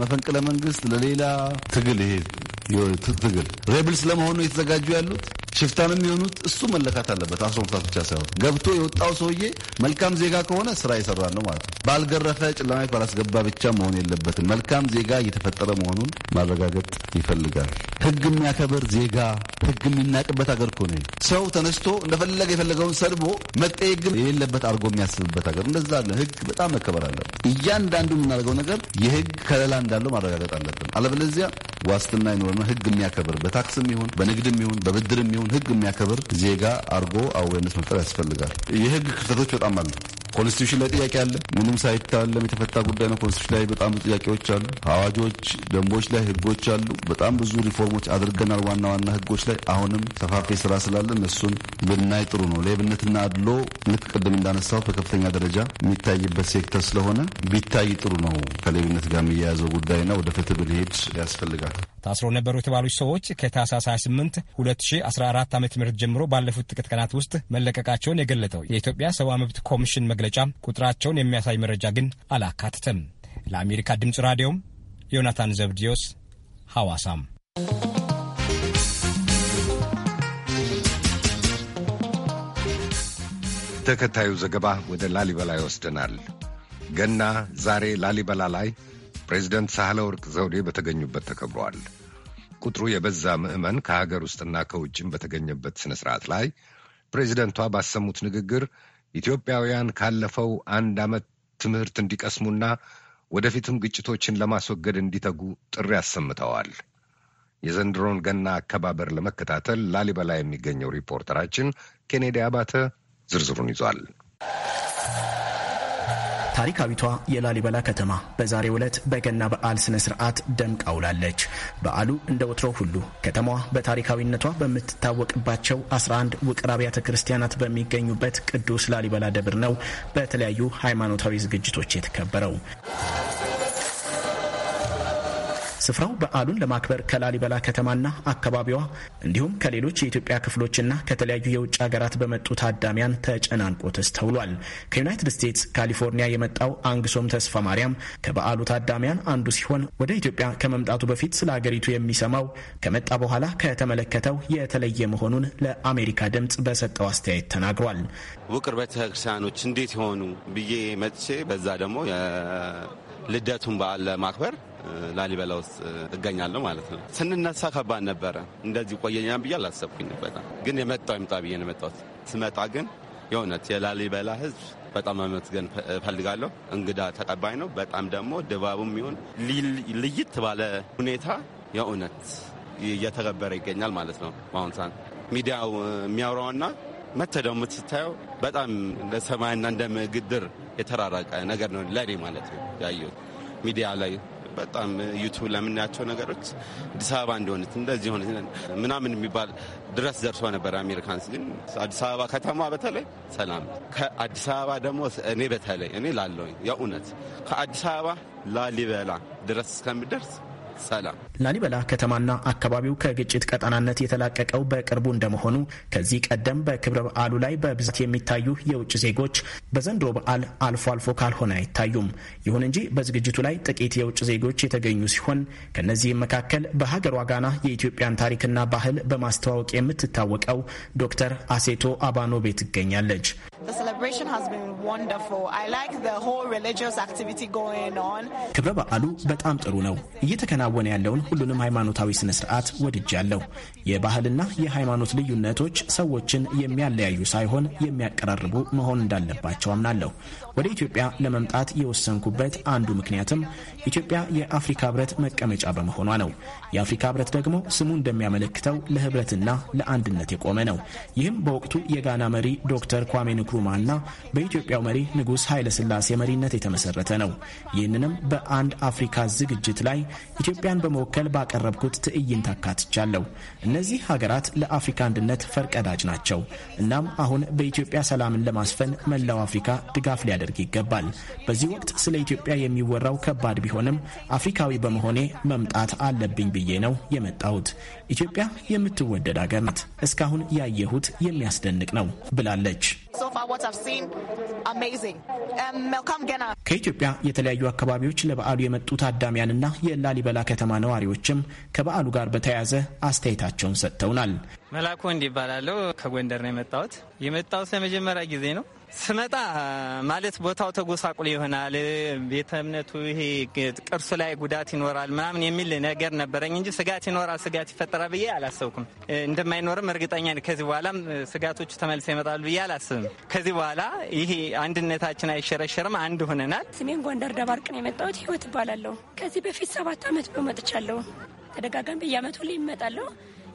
መፈንቅለ መንግስት፣ ለሌላ ትግል ይሄ ትግል ሬብልስ ለመሆኑ የተዘጋጁ ያሉት ሽፍታን የሚሆኑት እሱ መለካት አለበት። አስራ ብቻ ሳይሆን ገብቶ የወጣው ሰውዬ መልካም ዜጋ ከሆነ ስራ የሰራ ነው ማለት ነው። ባልገረፈ ጨለማ ባላስገባ ብቻ መሆን የለበትም። መልካም ዜጋ እየተፈጠረ መሆኑን ማረጋገጥ ይፈልጋል። ህግ የሚያከብር ዜጋ ህግ የሚናቅበት አገር እኮ ነው። ሰው ተነስቶ እንደፈለገ የፈለገውን ሰድቦ መጠየቅ የሌለበት አድርጎ የሚያስብበት አገር እንደዛ አለ። ህግ በጣም መከበር አለበት። እያንዳንዱ የምናደርገው ነገር የህግ ከለላ እንዳለው ማረጋገጥ አለብን። አለበለዚያ ዋስትና ይኖረ ህግ የሚያከብር በታክስም ይሁን በንግድም ይሁን በብድርም ይሁን የሚሆን ህግ የሚያከብር ዜጋ አድርጎ አዌርነስ መፍጠር ያስፈልጋል። የህግ ክፍተቶች በጣም አሉ። ኮንስቲቱሽን ላይ ጥያቄ አለ። ምንም ሳይታለም የተፈታ ጉዳይ ነው። ኮንስቲቱሽን ላይ በጣም ብዙ ጥያቄዎች አሉ። አዋጆች፣ ደንቦች ላይ ህጎች አሉ። በጣም ብዙ ሪፎርሞች አድርገናል። ዋና ዋና ህጎች ላይ አሁንም ሰፋፊ ስራ ስላለ እነሱን ብናይ ጥሩ ነው። ሌብነትና አድሎ ልክ ቅድም እንዳነሳሁት በከፍተኛ ደረጃ የሚታይበት ሴክተር ስለሆነ ቢታይ ጥሩ ነው። ከሌብነት ጋር የሚያያዘው ጉዳይና ወደ ፍትህ ብንሄድ ያስፈልጋል። ታስሮ ነበሩ የተባሉት ሰዎች ከታህሳስ 28 2014 ዓ ም ጀምሮ ባለፉት ጥቂት ቀናት ውስጥ መለቀቃቸውን የገለጠው የኢትዮጵያ ሰብአዊ መብት ኮሚሽን መግለጫ ቁጥራቸውን የሚያሳይ መረጃ ግን አላካትትም። ለአሜሪካ ድምፅ ራዲዮም ዮናታን ዘብድዮስ ሐዋሳም። ተከታዩ ዘገባ ወደ ላሊበላ ይወስደናል። ገና ዛሬ ላሊበላ ላይ ፕሬዚደንት ሳህለ ወርቅ ዘውዴ በተገኙበት ተከብሯል። ቁጥሩ የበዛ ምዕመን ከሀገር ውስጥና ከውጭም በተገኘበት ሥነ ሥርዓት ላይ ፕሬዚደንቷ ባሰሙት ንግግር ኢትዮጵያውያን ካለፈው አንድ ዓመት ትምህርት እንዲቀስሙና ወደፊትም ግጭቶችን ለማስወገድ እንዲተጉ ጥሪ አሰምተዋል። የዘንድሮን ገና አከባበር ለመከታተል ላሊበላ የሚገኘው ሪፖርተራችን ኬኔዲ አባተ ዝርዝሩን ይዟል። ታሪካዊቷ የላሊበላ ከተማ በዛሬው ዕለት በገና በዓል ስነ ስርዓት ደምቃ ውላለች። በዓሉ እንደ ወትሮ ሁሉ ከተማዋ በታሪካዊነቷ በምትታወቅባቸው 11 ውቅር አብያተ ክርስቲያናት በሚገኙበት ቅዱስ ላሊበላ ደብር ነው በተለያዩ ሃይማኖታዊ ዝግጅቶች የተከበረው። ስፍራው በዓሉን ለማክበር ከላሊበላ ከተማና አካባቢዋ እንዲሁም ከሌሎች የኢትዮጵያ ክፍሎችና ከተለያዩ የውጭ ሀገራት በመጡ ታዳሚያን ተጨናንቆ ተስተውሏል። ከዩናይትድ ስቴትስ ካሊፎርኒያ የመጣው አንግሶም ተስፋ ማርያም ከበዓሉ ታዳሚያን አንዱ ሲሆን ወደ ኢትዮጵያ ከመምጣቱ በፊት ስለ ሀገሪቱ የሚሰማው ከመጣ በኋላ ከተመለከተው የተለየ መሆኑን ለአሜሪካ ድምፅ በሰጠው አስተያየት ተናግሯል። ውቅር ቤተክርስቲያኖች እንዴት የሆኑ ብዬ መጥቼ በዛ ደግሞ ልደቱን በዓል ለማክበር ላሊበላ ውስጥ እገኛለሁ ማለት ነው። ስንነሳ ከባድ ነበረ። እንደዚህ ቆየኛ ብዬ አላሰብኩኝ። በጣም ግን የመጣው ይምጣ ብዬ ነው የመጣሁት። ስመጣ ግን የእውነት የላሊበላ ህዝብ በጣም አመስገን እፈልጋለሁ። እንግዳ ተቀባይ ነው። በጣም ደግሞ ድባቡም ይሁን ልይት ባለ ሁኔታ የእውነት እየተገበረ ይገኛል ማለት ነው። በአሁን ሰዓት ሚዲያው የሚያወራውና መተ ደግሞ ስታየው በጣም እንደ ሰማይና እንደ ምግድር የተራራቀ ነገር ነው ለእኔ ማለት ነው ያየሁት ሚዲያ ላይ በጣም ዩቱብ ለምናያቸው ነገሮች አዲስ አበባ እንደሆነት እንደዚህ ሆነ ምናምን የሚባል ድረስ ደርሶ ነበር። አሜሪካንስ ግን አዲስ አበባ ከተማ በተለይ ሰላም ከአዲስ አበባ ደግሞ እኔ በተለይ እኔ ላለውኝ የእውነት ከአዲስ አበባ ላሊበላ ድረስ እስከሚደርስ ሰላም ላሊበላ ከተማና አካባቢው ከግጭት ቀጠናነት የተላቀቀው በቅርቡ እንደመሆኑ ከዚህ ቀደም በክብረ በዓሉ ላይ በብዛት የሚታዩ የውጭ ዜጎች በዘንድሮ በዓል አልፎ አልፎ ካልሆነ አይታዩም። ይሁን እንጂ በዝግጅቱ ላይ ጥቂት የውጭ ዜጎች የተገኙ ሲሆን ከእነዚህም መካከል በሀገሯ ጋና የኢትዮጵያን ታሪክና ባህል በማስተዋወቅ የምትታወቀው ዶክተር አሴቶ አባኖ ቤት ትገኛለች። ክብረ በዓሉ በጣም ጥሩ ነው። እየተከናወነ ያለውን ሁሉንም ሃይማኖታዊ ስነ ስርዓት ወድጃለሁ። የባህልና የሃይማኖት ልዩነቶች ሰዎችን የሚያለያዩ ሳይሆን የሚያቀራርቡ መሆን እንዳለባቸው አምናለሁ። ወደ ኢትዮጵያ ለመምጣት የወሰንኩበት አንዱ ምክንያትም ኢትዮጵያ የአፍሪካ ህብረት መቀመጫ በመሆኗ ነው። የአፍሪካ ህብረት ደግሞ ስሙ እንደሚያመለክተው ለህብረትና ለአንድነት የቆመ ነው። ይህም በወቅቱ የጋና መሪ ዶክተር ኳሜ ና በኢትዮጵያው መሪ ንጉሥ ኃይለስላሴ መሪነት የተመሰረተ ነው። ይህንንም በአንድ አፍሪካ ዝግጅት ላይ ኢትዮጵያን በመወከል ባቀረብኩት ትዕይንት አካትቻለሁ። እነዚህ ሀገራት ለአፍሪካ አንድነት ፈርቀዳጅ ናቸው። እናም አሁን በኢትዮጵያ ሰላምን ለማስፈን መላው አፍሪካ ድጋፍ ሊያደ ሊያደርግ ይገባል። በዚህ ወቅት ስለ ኢትዮጵያ የሚወራው ከባድ ቢሆንም አፍሪካዊ በመሆኔ መምጣት አለብኝ ብዬ ነው የመጣሁት። ኢትዮጵያ የምትወደድ አገር ናት። እስካሁን ያየሁት የሚያስደንቅ ነው ብላለች። um, ከኢትዮጵያ የተለያዩ አካባቢዎች ለበዓሉ የመጡ ታዳሚያንና የላሊበላ ከተማ ነዋሪዎችም ከበዓሉ ጋር በተያያዘ አስተያየታቸውን ሰጥተውናል። መላኩ እንዲባላለው ይባላለው። ከጎንደር ነው የመጣሁት። የመጣሁት ለመጀመሪያ ጊዜ ነው። ስመጣ ማለት ቦታው ተጎሳቁል ይሆናል፣ ቤተ እምነቱ ይሄ ቅርሱ ላይ ጉዳት ይኖራል ምናምን የሚል ነገር ነበረኝ እንጂ ስጋት ይኖራል ስጋት ይፈጠራል ብዬ አላሰብኩም። እንደማይኖርም እርግጠኛ ነኝ። ከዚህ በኋላም ስጋቶቹ ተመልሰው ይመጣሉ ብዬ አላስብም። ከዚህ በኋላ ይሄ አንድነታችን አይሸረሸርም፣ አንድ ሆነናል። ስሜን ጎንደር ደባርቅ ነው የመጣሁት። ህይወት እባላለሁ። ከዚህ በፊት ሰባት ዓመት ብሎ መጥቻለሁ። ተደጋጋሚ በየአመቱ ላይ ይመጣለሁ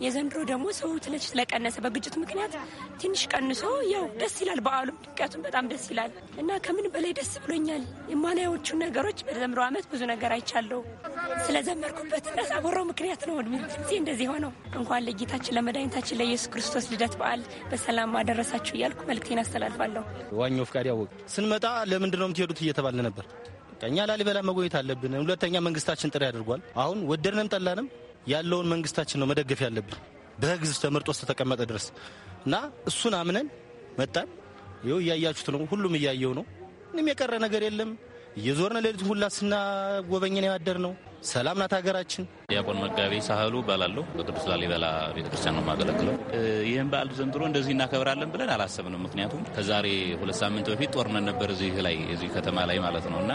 የዘንድሮ ደግሞ ሰው ትንሽ ስለቀነሰ በግጭቱ ምክንያት ትንሽ ቀንሶ ያው ደስ ይላል። በዓሉ ድምቀቱን በጣም ደስ ይላል እና ከምን በላይ ደስ ብሎኛል። የማላያዎቹ ነገሮች በዘምሮ ዓመት ብዙ ነገር አይቻለሁ። ስለዘመርኩበት አቦራው ምክንያት ነው ጊዜ እንደዚህ ሆነው። እንኳን ለጌታችን ለመድኃኒታችን ለኢየሱስ ክርስቶስ ልደት በዓል በሰላም አደረሳችሁ እያልኩ መልክቴን አስተላልፋለሁ። ዋኛው ፍቃድ ያወቅ ስንመጣ ለምንድን ነው የምትሄዱት እየተባለ ነበር። እኛ ላሊበላ መጎኘት አለብን። ሁለተኛ መንግስታችን ጥሪ አድርጓል። አሁን ወደድንም ጠላንም ያለውን መንግስታችን ነው መደገፍ ያለብን በህዝብ ተመርጦ ስተቀመጠ ድረስ እና እሱን አምነን መጣን። ይኸው እያያችሁት ነው። ሁሉም እያየው ነው። ምንም የቀረ ነገር የለም። እየዞርን ሌሊቱ ሁላ ስናጎበኝን ያደር ነው። ሰላም ናት ሀገራችን። ዲያቆን መጋቤ ሳህሉ እባላለሁ። በቅዱስ ላሊበላ ቤተክርስቲያን ነው የማገለግለው። ይህን በዓል ዘንድሮ እንደዚህ እናከብራለን ብለን አላሰብንም። ምክንያቱም ከዛሬ ሁለት ሳምንት በፊት ጦርነት ነበር እዚህ ላይ እዚህ ከተማ ላይ ማለት ነው እና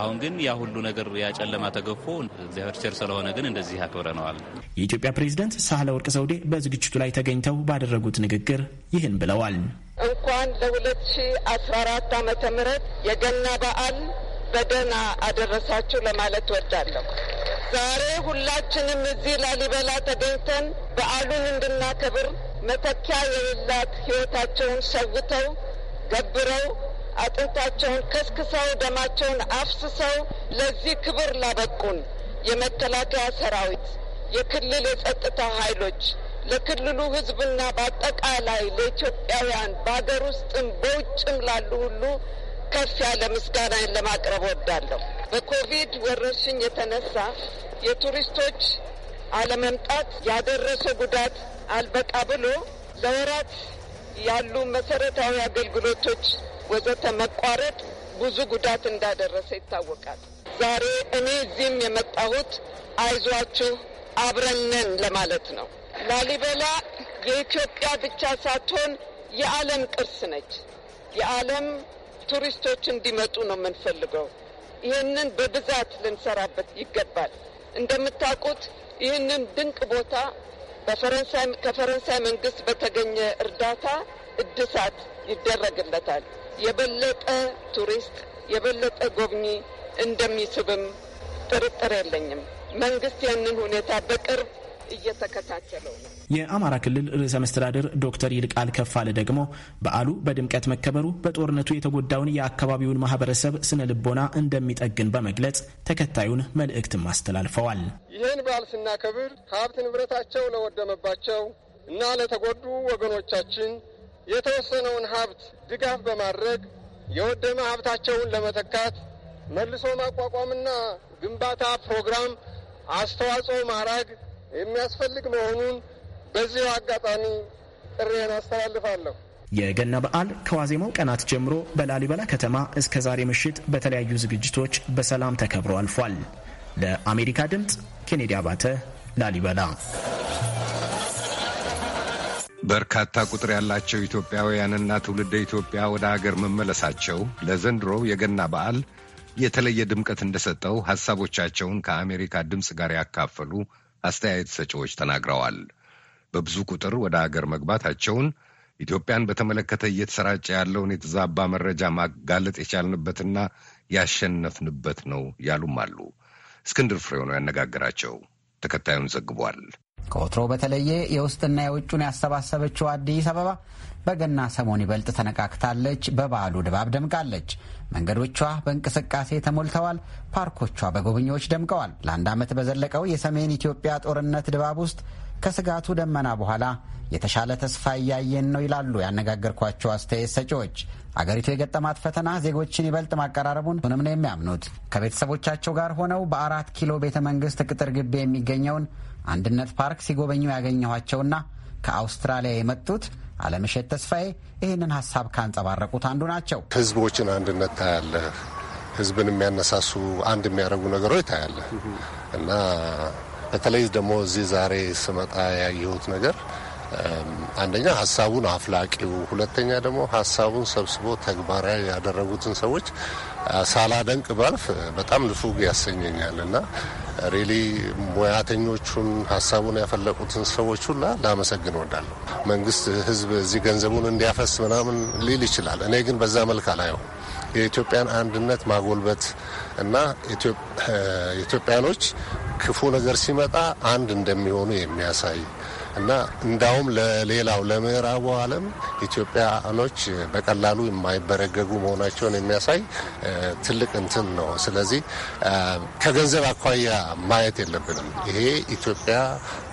አሁን ግን ያ ሁሉ ነገር ያ ጨለማ ተገፎ እግዚአብሔር ቸር ስለሆነ ግን እንደዚህ አክብረነዋል። የኢትዮጵያ ፕሬዝደንት ወርቅ ዘውዴ በዝግጅቱ ላይ ተገኝተው ባደረጉት ንግግር ይህን ብለዋል። እንኳን ለ2014 ዓመተ ምህረት የገና በዓል በደህና አደረሳችሁ ለማለት ወዳለሁ። ዛሬ ሁላችንም እዚህ ላሊበላ ተገኝተን በዓሉን እንድናከብር መተኪያ የሌላት ሕይወታቸውን ሰውተው ገብረው አጥንታቸውን ከስክሰው ደማቸውን አፍስሰው ለዚህ ክብር ላበቁን የመከላከያ ሰራዊት፣ የክልል የጸጥታ ኃይሎች፣ ለክልሉ ሕዝብና በአጠቃላይ ለኢትዮጵያውያን በሀገር ውስጥም በውጭም ላሉ ሁሉ ከፍ ያለ ምስጋናን ለማቅረብ ወዳለሁ። በኮቪድ ወረርሽኝ የተነሳ የቱሪስቶች አለመምጣት ያደረሰ ጉዳት አልበቃ ብሎ ለወራት ያሉ መሰረታዊ አገልግሎቶች ወዘተ መቋረጥ ብዙ ጉዳት እንዳደረሰ ይታወቃል። ዛሬ እኔ እዚህም የመጣሁት አይዟችሁ አብረነን ለማለት ነው። ላሊበላ የኢትዮጵያ ብቻ ሳትሆን የዓለም ቅርስ ነች። የዓለም ቱሪስቶች እንዲመጡ ነው የምንፈልገው። ይህንን በብዛት ልንሰራበት ይገባል። እንደምታውቁት ይህንን ድንቅ ቦታ በፈረንሳይ ከፈረንሳይ መንግስት በተገኘ እርዳታ እድሳት ይደረግለታል። የበለጠ ቱሪስት የበለጠ ጎብኚ እንደሚስብም ጥርጥር የለኝም። መንግስት ያንን ሁኔታ በቅርብ እየተከታተለው ነው። የአማራ ክልል ርዕሰ መስተዳድር ዶክተር ይልቃል ከፋለ ደግሞ በዓሉ በድምቀት መከበሩ በጦርነቱ የተጎዳውን የአካባቢውን ማህበረሰብ ስነ ልቦና እንደሚጠግን በመግለጽ ተከታዩን መልእክትም አስተላልፈዋል። ይህን በዓል ስናከብር ከሀብት ንብረታቸው ለወደመባቸው እና ለተጎዱ ወገኖቻችን የተወሰነውን ሀብት ድጋፍ በማድረግ የወደመ ሀብታቸውን ለመተካት መልሶ ማቋቋምና ግንባታ ፕሮግራም አስተዋጽኦ ማድረግ የሚያስፈልግ መሆኑን በዚሁ አጋጣሚ ጥሬን አስተላልፋለሁ። የገና በዓል ከዋዜማው ቀናት ጀምሮ በላሊበላ ከተማ እስከ ዛሬ ምሽት በተለያዩ ዝግጅቶች በሰላም ተከብሮ አልፏል። ለአሜሪካ ድምፅ ኬኔዲ አባተ ላሊበላ በርካታ ቁጥር ያላቸው ኢትዮጵያውያንና ትውልደ ኢትዮጵያ ወደ አገር መመለሳቸው ለዘንድሮው የገና በዓል የተለየ ድምቀት እንደሰጠው ሐሳቦቻቸውን ከአሜሪካ ድምፅ ጋር ያካፈሉ አስተያየት ሰጪዎች ተናግረዋል። በብዙ ቁጥር ወደ አገር መግባታቸውን ኢትዮጵያን በተመለከተ እየተሰራጨ ያለውን የተዛባ መረጃ ማጋለጥ የቻልንበትና ያሸነፍንበት ነው ያሉም አሉ። እስክንድር ፍሬው ነው ያነጋገራቸው። ተከታዩን ዘግቧል። ከወትሮ በተለየ የውስጥና የውጩን ያሰባሰበችው አዲስ አበባ በገና ሰሞን ይበልጥ ተነቃክታለች። በበዓሉ ድባብ ደምቃለች። መንገዶቿ በእንቅስቃሴ ተሞልተዋል። ፓርኮቿ በጎብኚዎች ደምቀዋል። ለአንድ ዓመት በዘለቀው የሰሜን ኢትዮጵያ ጦርነት ድባብ ውስጥ ከስጋቱ ደመና በኋላ የተሻለ ተስፋ እያየን ነው ይላሉ ያነጋገርኳቸው አስተያየት ሰጪዎች። አገሪቱ የገጠማት ፈተና ዜጎችን ይበልጥ ማቀራረቡን ሁንም ነው የሚያምኑት። ከቤተሰቦቻቸው ጋር ሆነው በአራት ኪሎ ቤተ መንግስት ቅጥር ግቢ የሚገኘውን አንድነት ፓርክ ሲጎበኙ ያገኘኋቸውና ከአውስትራሊያ የመጡት አለምሸት ተስፋዬ ይህንን ሀሳብ ካንጸባረቁት አንዱ ናቸው። ህዝቦችን አንድነት ታያለህ። ህዝብን የሚያነሳሱ አንድ የሚያደርጉ ነገሮች ታያለህ እና በተለይ ደግሞ እዚህ ዛሬ ስመጣ ያየሁት ነገር አንደኛ ሀሳቡን አፍላቂው፣ ሁለተኛ ደግሞ ሀሳቡን ሰብስቦ ተግባራዊ ያደረጉትን ሰዎች ሳላደንቅ ባልፍ በጣም ልፉግ ያሰኘኛል እና ሪሊ ሙያተኞቹን ሀሳቡን ያፈለቁትን ሰዎች ሁላ ላመሰግን ወዳለሁ። መንግስት ህዝብ እዚህ ገንዘቡን እንዲያፈስ ምናምን ሊል ይችላል። እኔ ግን በዛ መልክ አላየው። የኢትዮጵያን አንድነት ማጎልበት እና ኢትዮጵያኖች ክፉ ነገር ሲመጣ አንድ እንደሚሆኑ የሚያሳይ እና እንዳውም ለሌላው ለምዕራቡ ዓለም ኢትዮጵያኖች በቀላሉ የማይበረገጉ መሆናቸውን የሚያሳይ ትልቅ እንትን ነው። ስለዚህ ከገንዘብ አኳያ ማየት የለብንም። ይሄ ኢትዮጵያ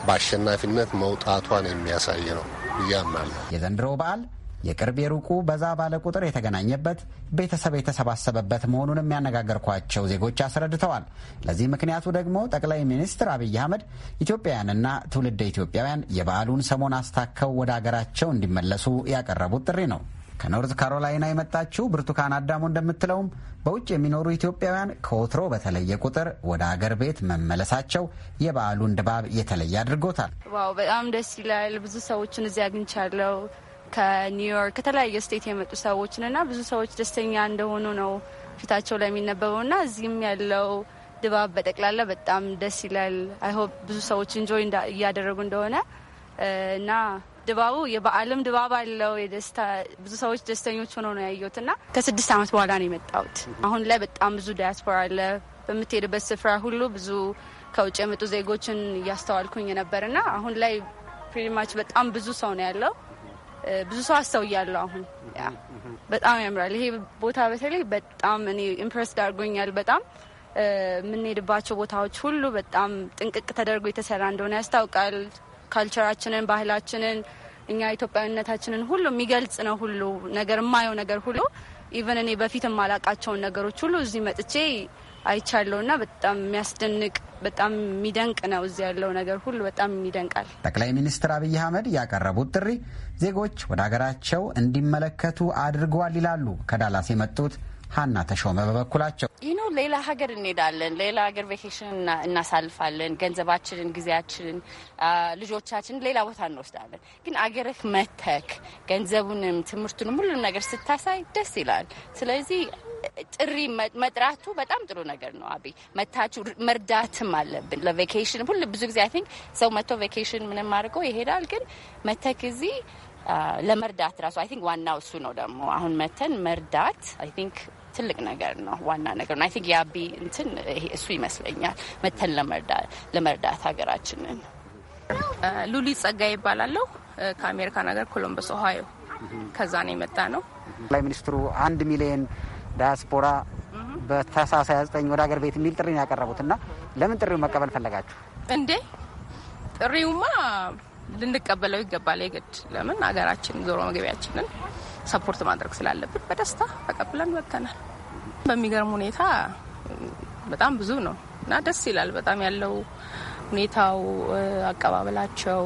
በአሸናፊነት መውጣቷን የሚያሳይ ነው ብዬ አምናለሁ። የዘንድሮ በዓል የቅርብ የሩቁ በዛ ባለ ቁጥር የተገናኘበት ቤተሰብ የተሰባሰበበት መሆኑን የሚያነጋገርኳቸው ዜጎች አስረድተዋል። ለዚህ ምክንያቱ ደግሞ ጠቅላይ ሚኒስትር አብይ አህመድ ኢትዮጵያውያንና ትውልደ ኢትዮጵያውያን የበዓሉን ሰሞን አስታከው ወደ አገራቸው እንዲመለሱ ያቀረቡት ጥሪ ነው። ከኖርዝ ካሮላይና የመጣችው ብርቱካን አዳሙ እንደምትለውም በውጭ የሚኖሩ ኢትዮጵያውያን ከወትሮ በተለየ ቁጥር ወደ አገር ቤት መመለሳቸው የበዓሉን ድባብ የተለየ አድርጎታል። ዋው በጣም ደስ ይላል። ብዙ ሰዎችን እዚያ አግኝቻለሁ። ከኒውዮርክ ከተለያየ ስቴት የመጡ ሰዎችንና ብዙ ሰዎች ደስተኛ እንደሆኑ ነው ፊታቸው ላይ የሚነበበው እና እዚህም ያለው ድባብ በጠቅላላ በጣም ደስ ይላል። አይሆፕ ብዙ ሰዎች እንጆይ እያደረጉ እንደሆነ እና ድባቡ የበዓልም ድባብ አለው። የደስታ ብዙ ሰዎች ደስተኞች ሆነው ነው ያየሁት እና ከስድስት ዓመት በኋላ ነው የመጣሁት። አሁን ላይ በጣም ብዙ ዳያስፖራ አለ። በምትሄድበት ስፍራ ሁሉ ብዙ ከውጭ የመጡ ዜጎችን እያስተዋልኩኝ ነበርና አሁን ላይ ፕሪማች በጣም ብዙ ሰው ነው ያለው ብዙ ሰው አስተውያለሁ። አሁን በጣም ያምራል ይሄ ቦታ በተለይ በጣም እኔ ኢምፕረስ ዳርጎኛል። በጣም የምንሄድባቸው ቦታዎች ሁሉ በጣም ጥንቅቅ ተደርጎ የተሰራ እንደሆነ ያስታውቃል። ካልቸራችንን፣ ባህላችንን፣ እኛ ኢትዮጵያዊነታችንን ሁሉ የሚገልጽ ነው። ሁሉ ነገር የማየው ነገር ሁሉ ኢቨን እኔ በፊት የማላቃቸውን ነገሮች ሁሉ እዚህ መጥቼ አይቻለው እና በጣም የሚያስደንቅ በጣም የሚደንቅ ነው። እዚህ ያለው ነገር ሁሉ በጣም ይደንቃል። ጠቅላይ ሚኒስትር አብይ አህመድ ያቀረቡት ጥሪ ዜጎች ወደ ሀገራቸው እንዲመለከቱ አድርጓል ይላሉ ከዳላስ የመጡት ሀና ተሾመ በበኩላቸው ይኖ ሌላ ሀገር እንሄዳለን፣ ሌላ ሀገር ቬኬሽን እናሳልፋለን፣ ገንዘባችንን፣ ጊዜያችንን፣ ልጆቻችንን ሌላ ቦታ እንወስዳለን። ግን አገርህ መተክ ገንዘቡንም፣ ትምህርቱንም ሁሉም ነገር ስታሳይ ደስ ይላል። ስለዚህ ጥሪ መጥራቱ በጣም ጥሩ ነገር ነው። አቤ መታችሁ መርዳትም አለብን። ለቬኬሽን ሁሉ ብዙ ጊዜ አይ ቲንክ ሰው መጥቶ ቬኬሽን ምንም አድርገው ይሄዳል። ግን መተክ እዚህ ለመርዳት ራሱ አይ ቲንክ ዋናው እሱ ነው። ደግሞ አሁን መተን መርዳት አይ ቲንክ ትልቅ ነገር ነው፣ ዋና ነገር ነው። አይ ቲንክ የአቢ እንትን እሱ ይመስለኛል። መተን ለመርዳት ሀገራችንን። ሉሊ ጸጋ ይባላለሁ። ከአሜሪካን ሀገር ኮሎምበስ ኦሃዮ ከዛ ነው የመጣ ነው። ጠቅላይ ሚኒስትሩ አንድ ሚሊየን ዳያስፖራ በተሳሳይ ዘጠኝ ወደ ሀገር ቤት የሚል ጥሪ ነው ያቀረቡት እና ለምን ጥሪው መቀበል ፈለጋችሁ? እንዴ ጥሪውማ ልንቀበለው ይገባል የግድ ለምን ሀገራችን ዞሮ መግቢያችንን ሰፖርት ማድረግ ስላለብን በደስታ ተቀብለን መጥተናል። በሚገርም ሁኔታ በጣም ብዙ ነው እና ደስ ይላል። በጣም ያለው ሁኔታው፣ አቀባበላቸው፣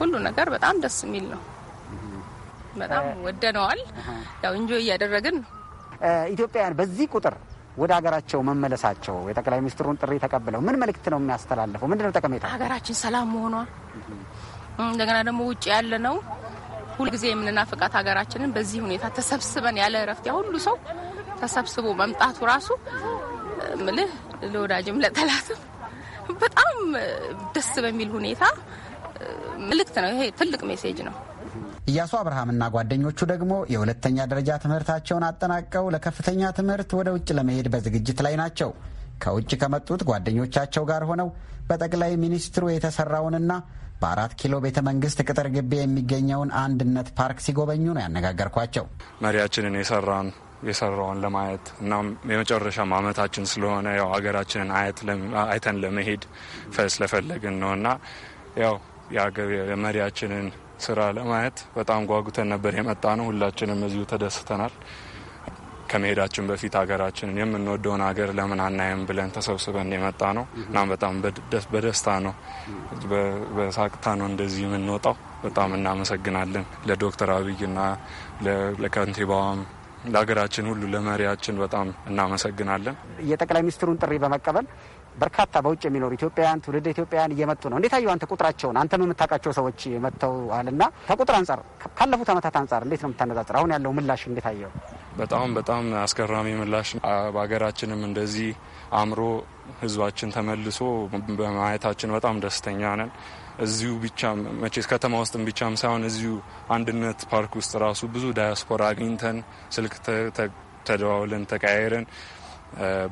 ሁሉ ነገር በጣም ደስ የሚል ነው። በጣም ወደነዋል። ያው እንጆ እያደረግን ነው ኢትዮጵያውያን በዚህ ቁጥር ወደ ሀገራቸው መመለሳቸው የጠቅላይ ሚኒስትሩን ጥሪ ተቀብለው ምን መልእክት ነው የሚያስተላልፈው? ምንድነው ነው ጠቀሜታ? ሀገራችን ሰላም መሆኗ እንደገና ደግሞ ውጭ ያለ ነው ሁልጊዜ የምንናፍቃት ሀገራችንን በዚህ ሁኔታ ተሰብስበን ያለ እረፍት ሁሉ ሰው ተሰብስቦ መምጣቱ ራሱ ምልህ ለወዳጅም ለጠላትም በጣም ደስ በሚል ሁኔታ መልእክት ነው። ይሄ ትልቅ ሜሴጅ ነው። እያሱ አብርሃምና ጓደኞቹ ደግሞ የሁለተኛ ደረጃ ትምህርታቸውን አጠናቀው ለከፍተኛ ትምህርት ወደ ውጭ ለመሄድ በዝግጅት ላይ ናቸው። ከውጭ ከመጡት ጓደኞቻቸው ጋር ሆነው በጠቅላይ ሚኒስትሩ የተሰራውንና በአራት ኪሎ ቤተ መንግስት ቅጥር ግቢ የሚገኘውን አንድነት ፓርክ ሲጎበኙ ነው ያነጋገርኳቸው። መሪያችንን የሰራን የሰራውን ለማየት እናም የመጨረሻም አመታችን ስለሆነ ያው ሀገራችንን አይተን ለመሄድ ፈስ ለፈለግን ነው እና ያው የመሪያችንን ስራ ለማየት በጣም ጓጉተን ነበር የመጣ ነው። ሁላችንም እዚሁ ተደስተናል። ከመሄዳችን በፊት ሀገራችንን የምንወደውን ሀገር ለምን አናየም ብለን ተሰብስበን የመጣ ነው። እናም በጣም በደስታ ነው፣ በሳቅታ ነው እንደዚህ የምንወጣው። በጣም እናመሰግናለን ለዶክተር አብይና ለከንቲባዋም ለሀገራችን ሁሉ ለመሪያችን በጣም እናመሰግናለን። የጠቅላይ ሚኒስትሩን ጥሪ በመቀበል በርካታ በውጭ የሚኖሩ ኢትዮጵያውያን ትውልድ ኢትዮጵያውያን እየመጡ ነው። እንዴት አየሁ አንተ ቁጥራቸውን አንተም የምታውቃቸው ሰዎች መጥተዋል እና ከቁጥር አንጻር ካለፉት ዓመታት አንጻር እንዴት ነው የምታነጻጽር? አሁን ያለው ምላሽ እንዴት አየው? በጣም በጣም አስገራሚ ምላሽ በሀገራችንም እንደዚህ አምሮ ህዝባችን ተመልሶ በማየታችን በጣም ደስተኛ ነን። እዚሁ ብቻ መቼ ከተማ ውስጥም ብቻም ሳይሆን እዚሁ አንድነት ፓርክ ውስጥ ራሱ ብዙ ዳያስፖራ አግኝተን ስልክ ተደዋውለን ተቀያየረን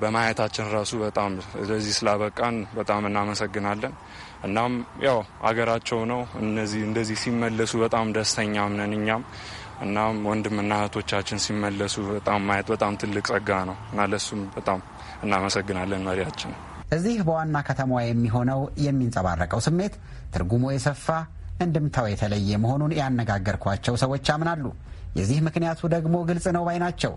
በማየታችን ራሱ በጣም ለዚህ ስላበቃን በጣም እናመሰግናለን። እናም ያው አገራቸው ነው እነዚህ እንደዚህ ሲመለሱ በጣም ደስተኛም ነን እኛም። እናም ወንድምና እህቶቻችን ሲመለሱ በጣም ማየት በጣም ትልቅ ጸጋ ነው እና ለሱም በጣም እናመሰግናለን መሪያችን። እዚህ በዋና ከተማዋ የሚሆነው የሚንጸባረቀው ስሜት ትርጉሙ የሰፋ እንድምታው የተለየ መሆኑን ያነጋገርኳቸው ሰዎች ያምናሉ። የዚህ ምክንያቱ ደግሞ ግልጽ ነው ባይ ናቸው።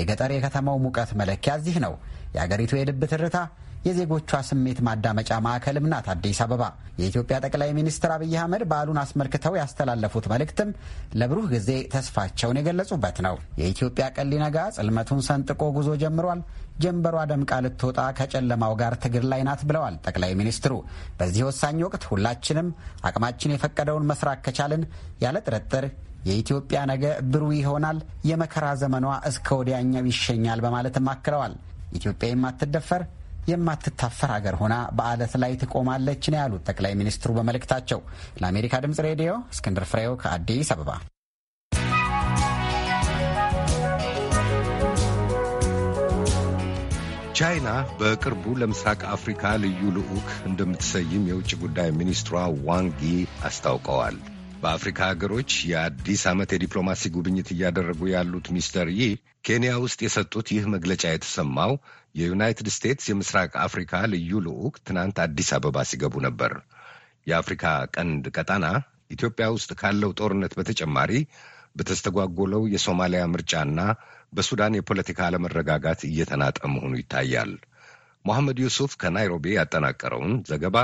የገጠር የከተማው ሙቀት መለኪያ እዚህ ነው። የአገሪቱ የልብ ትርታ የዜጎቿ ስሜት ማዳመጫ ማዕከልም ናት አዲስ አበባ። የኢትዮጵያ ጠቅላይ ሚኒስትር አብይ አህመድ በዓሉን አስመልክተው ያስተላለፉት መልእክትም ለብሩህ ጊዜ ተስፋቸውን የገለጹበት ነው። የኢትዮጵያ ቀን ሊነጋ ጽልመቱን ሰንጥቆ ጉዞ ጀምሯል። ጀንበሯ ደምቃ ልትወጣ ከጨለማው ጋር ትግል ላይ ናት ብለዋል ጠቅላይ ሚኒስትሩ። በዚህ ወሳኝ ወቅት ሁላችንም አቅማችን የፈቀደውን መስራት ከቻልን ያለ ጥርጥር የኢትዮጵያ ነገ ብሩህ ይሆናል፣ የመከራ ዘመኗ እስከ ወዲያኛው ይሸኛል በማለትም አክለዋል። ኢትዮጵያ የማትደፈር የማትታፈር ሀገር ሆና በአለት ላይ ትቆማለች ነው ያሉት ጠቅላይ ሚኒስትሩ በመልእክታቸው። ለአሜሪካ ድምጽ ሬዲዮ እስክንድር ፍሬው ከአዲስ አበባ። ቻይና በቅርቡ ለምስራቅ አፍሪካ ልዩ ልዑክ እንደምትሰይም የውጭ ጉዳይ ሚኒስትሯ ዋንጊ አስታውቀዋል። በአፍሪካ ሀገሮች የአዲስ ዓመት የዲፕሎማሲ ጉብኝት እያደረጉ ያሉት ሚስተር ይ ኬንያ ውስጥ የሰጡት ይህ መግለጫ የተሰማው የዩናይትድ ስቴትስ የምስራቅ አፍሪካ ልዩ ልዑክ ትናንት አዲስ አበባ ሲገቡ ነበር። የአፍሪካ ቀንድ ቀጣና ኢትዮጵያ ውስጥ ካለው ጦርነት በተጨማሪ በተስተጓጎለው የሶማሊያ ምርጫና በሱዳን የፖለቲካ አለመረጋጋት እየተናጠ መሆኑ ይታያል። መሐመድ ዩሱፍ ከናይሮቢ ያጠናቀረውን ዘገባ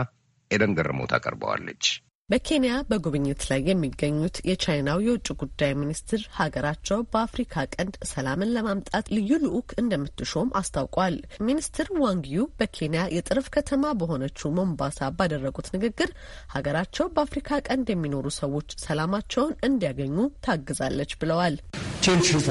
ኤደን ገረመው ታቀርበዋለች። በኬንያ በጉብኝት ላይ የሚገኙት የቻይናው የውጭ ጉዳይ ሚኒስትር ሀገራቸው በአፍሪካ ቀንድ ሰላምን ለማምጣት ልዩ ልዑክ እንደምትሾም አስታውቋል። ሚኒስትር ዋንግዩ በኬንያ የጠረፍ ከተማ በሆነችው ሞምባሳ ባደረጉት ንግግር ሀገራቸው በአፍሪካ ቀንድ የሚኖሩ ሰዎች ሰላማቸውን እንዲያገኙ ታግዛለች ብለዋል። 坚持走。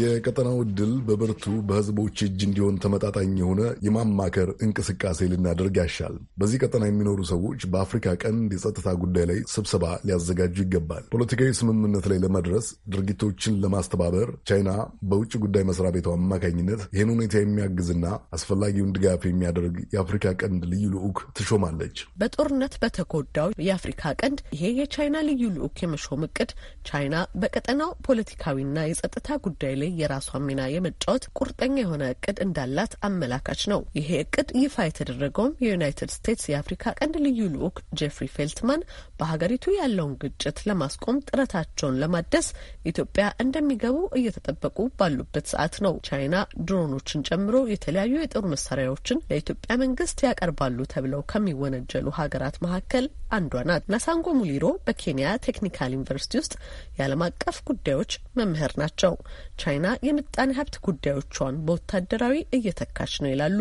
የቀጠናው ድል በብርቱ በህዝቦች እጅ እንዲሆን ተመጣጣኝ የሆነ የማማከር እንቅስቃሴ ልናደርግ ያሻል። በዚህ ቀጠና የሚኖሩ ሰዎች በአፍሪካ ቀንድ የጸጥታ ጉዳይ ላይ ስብሰባ ሊያዘጋጁ ይገባል። ፖለቲካዊ ስምምነት ላይ ለመድረስ ድርጊቶችን ለማስተባበር ቻይና በውጭ ጉዳይ መስሪያ ቤቷ አማካኝነት ይህን ሁኔታ የሚያግዝና አስፈላጊውን ድጋፍ የሚያደርግ የአፍሪካ ቀንድ ልዩ ልዑክ ትሾማለች። በጦርነት በተጎዳው የአፍሪካ ቀንድ ይሄ የቻይና ልዩ ልዑክ የመሾም እቅድ ቻይና በቀጠና ፖለቲካዊና የጸጥታ ጉዳይ ላይ የራሷን ሚና የመጫወት ቁርጠኛ የሆነ እቅድ እንዳላት አመላካች ነው። ይሄ እቅድ ይፋ የተደረገውም የዩናይትድ ስቴትስ የአፍሪካ ቀንድ ልዩ ልዑክ ጄፍሪ ፌልትማን በሀገሪቱ ያለውን ግጭት ለማስቆም ጥረታቸውን ለማደስ ኢትዮጵያ እንደሚገቡ እየተጠበቁ ባሉበት ሰዓት ነው። ቻይና ድሮኖችን ጨምሮ የተለያዩ የጦር መሳሪያዎችን ለኢትዮጵያ መንግስት ያቀርባሉ ተብለው ከሚወነጀሉ ሀገራት መካከል አንዷ ናት። ናሳንጎ ሙሊሮ በኬንያ ቴክኒካል ዩኒቨርሲቲ ውስጥ የዓለም አቀፍ ጉዳዮች መምህር ናቸው። ቻይና የምጣኔ ሀብት ጉዳዮቿን በወታደራዊ እየተካች ነው ይላሉ።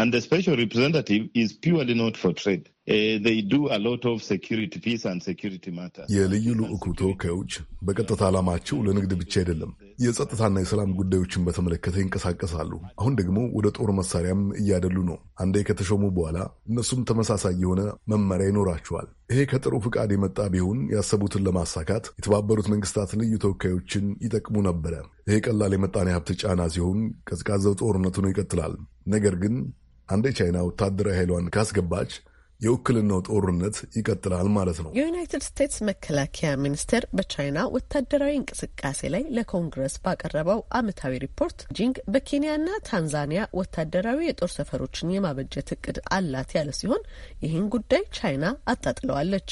And the special representative is purely not for trade. Eh, የልዩ ልዑኩ ተወካዮች በቀጥታ ዓላማቸው ለንግድ ብቻ አይደለም፣ የጸጥታና የሰላም ጉዳዮችን በተመለከተ ይንቀሳቀሳሉ። አሁን ደግሞ ወደ ጦር መሳሪያም እያደሉ ነው። አንዴ ከተሾሙ በኋላ እነሱም ተመሳሳይ የሆነ መመሪያ ይኖራቸዋል። ይሄ ከጥሩ ፍቃድ የመጣ ቢሆን ያሰቡትን ለማሳካት የተባበሩት መንግስታት ልዩ ተወካዮችን ይጠቅሙ ነበረ። ይሄ ቀላል የመጣኔ ሀብት ጫና ሲሆን፣ ቀዝቃዛው ጦርነቱ ነው ይቀጥላል። ነገር ግን አንዴ ቻይና ወታደራዊ ኃይሏን ካስገባች የውክልናው ጦርነት ይቀጥላል ማለት ነው። የዩናይትድ ስቴትስ መከላከያ ሚኒስቴር በቻይና ወታደራዊ እንቅስቃሴ ላይ ለኮንግረስ ባቀረበው ዓመታዊ ሪፖርት ጂንግ በኬንያና ታንዛኒያ ወታደራዊ የጦር ሰፈሮችን የማበጀት እቅድ አላት ያለ ሲሆን ይህን ጉዳይ ቻይና አጣጥለዋለች።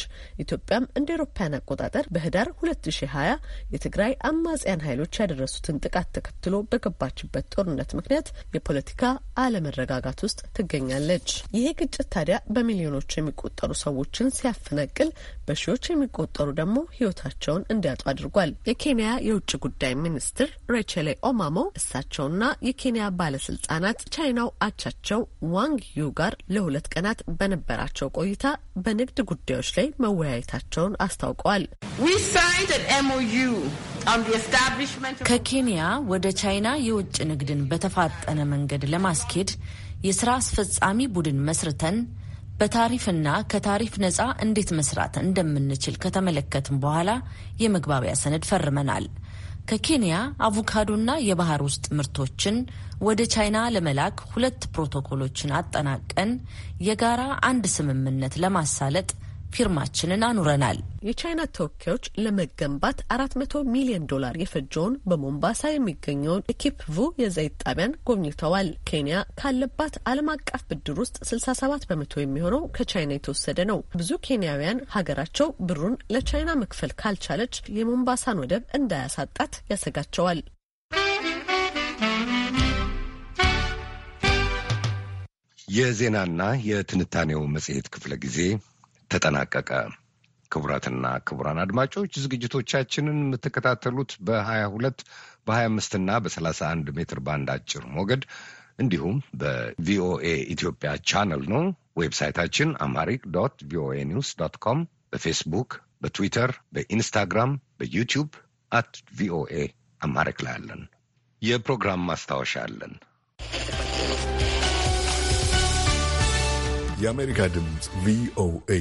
ኢትዮጵያም እንደ ኤሮፓያን አቆጣጠር በህዳር 2020 የትግራይ አማጽያን ኃይሎች ያደረሱትን ጥቃት ተከትሎ በገባችበት ጦርነት ምክንያት የፖለቲካ አለመረጋጋት ውስጥ ትገኛለች። ይሄ ግጭት ታዲያ በሚሊዮ በሚሊዮኖች የሚቆጠሩ ሰዎችን ሲያፈናቅል በሺዎች የሚቆጠሩ ደግሞ ሕይወታቸውን እንዲያጡ አድርጓል። የኬንያ የውጭ ጉዳይ ሚኒስትር ሬቸሌ ኦማሞ እሳቸውና የኬንያ ባለስልጣናት ቻይናው አቻቸው ዋንግ ዩ ጋር ለሁለት ቀናት በነበራቸው ቆይታ በንግድ ጉዳዮች ላይ መወያየታቸውን አስታውቀዋል። ከኬንያ ወደ ቻይና የውጭ ንግድን በተፋጠነ መንገድ ለማስኬድ የስራ አስፈጻሚ ቡድን መስርተን በታሪፍና ከታሪፍ ነጻ እንዴት መስራት እንደምንችል ከተመለከትም በኋላ የመግባቢያ ሰነድ ፈርመናል። ከኬንያ አቮካዶና የባህር ውስጥ ምርቶችን ወደ ቻይና ለመላክ ሁለት ፕሮቶኮሎችን አጠናቀን የጋራ አንድ ስምምነት ለማሳለጥ ፊርማችንን አኑረናል። የቻይና ተወካዮች ለመገንባት አራት መቶ ሚሊዮን ዶላር የፈጀውን በሞምባሳ የሚገኘውን ኪፕቩ የዘይት ጣቢያን ጎብኝተዋል። ኬንያ ካለባት ዓለም አቀፍ ብድር ውስጥ ስልሳ ሰባት በመቶ የሚሆነው ከቻይና የተወሰደ ነው። ብዙ ኬንያውያን ሀገራቸው ብሩን ለቻይና መክፈል ካልቻለች የሞምባሳን ወደብ እንዳያሳጣት ያሰጋቸዋል። የዜናና የትንታኔው መጽሔት ክፍለ ጊዜ ተጠናቀቀ። ክቡራትና ክቡራን አድማጮች ዝግጅቶቻችንን የምትከታተሉት በ22 በ25 እና በ31 ሜትር ባንድ አጭር ሞገድ እንዲሁም በቪኦኤ ኢትዮጵያ ቻነል ነው። ዌብሳይታችን አማሪክ ዶት ቪኦኤ ኒውስ ዶት ኮም፣ በፌስቡክ፣ በትዊተር፣ በኢንስታግራም፣ በዩቲዩብ አት ቪኦኤ አማሪክ ላይ አለን። የፕሮግራም ማስታወሻ አለን። የአሜሪካ ድምፅ ቪኦኤ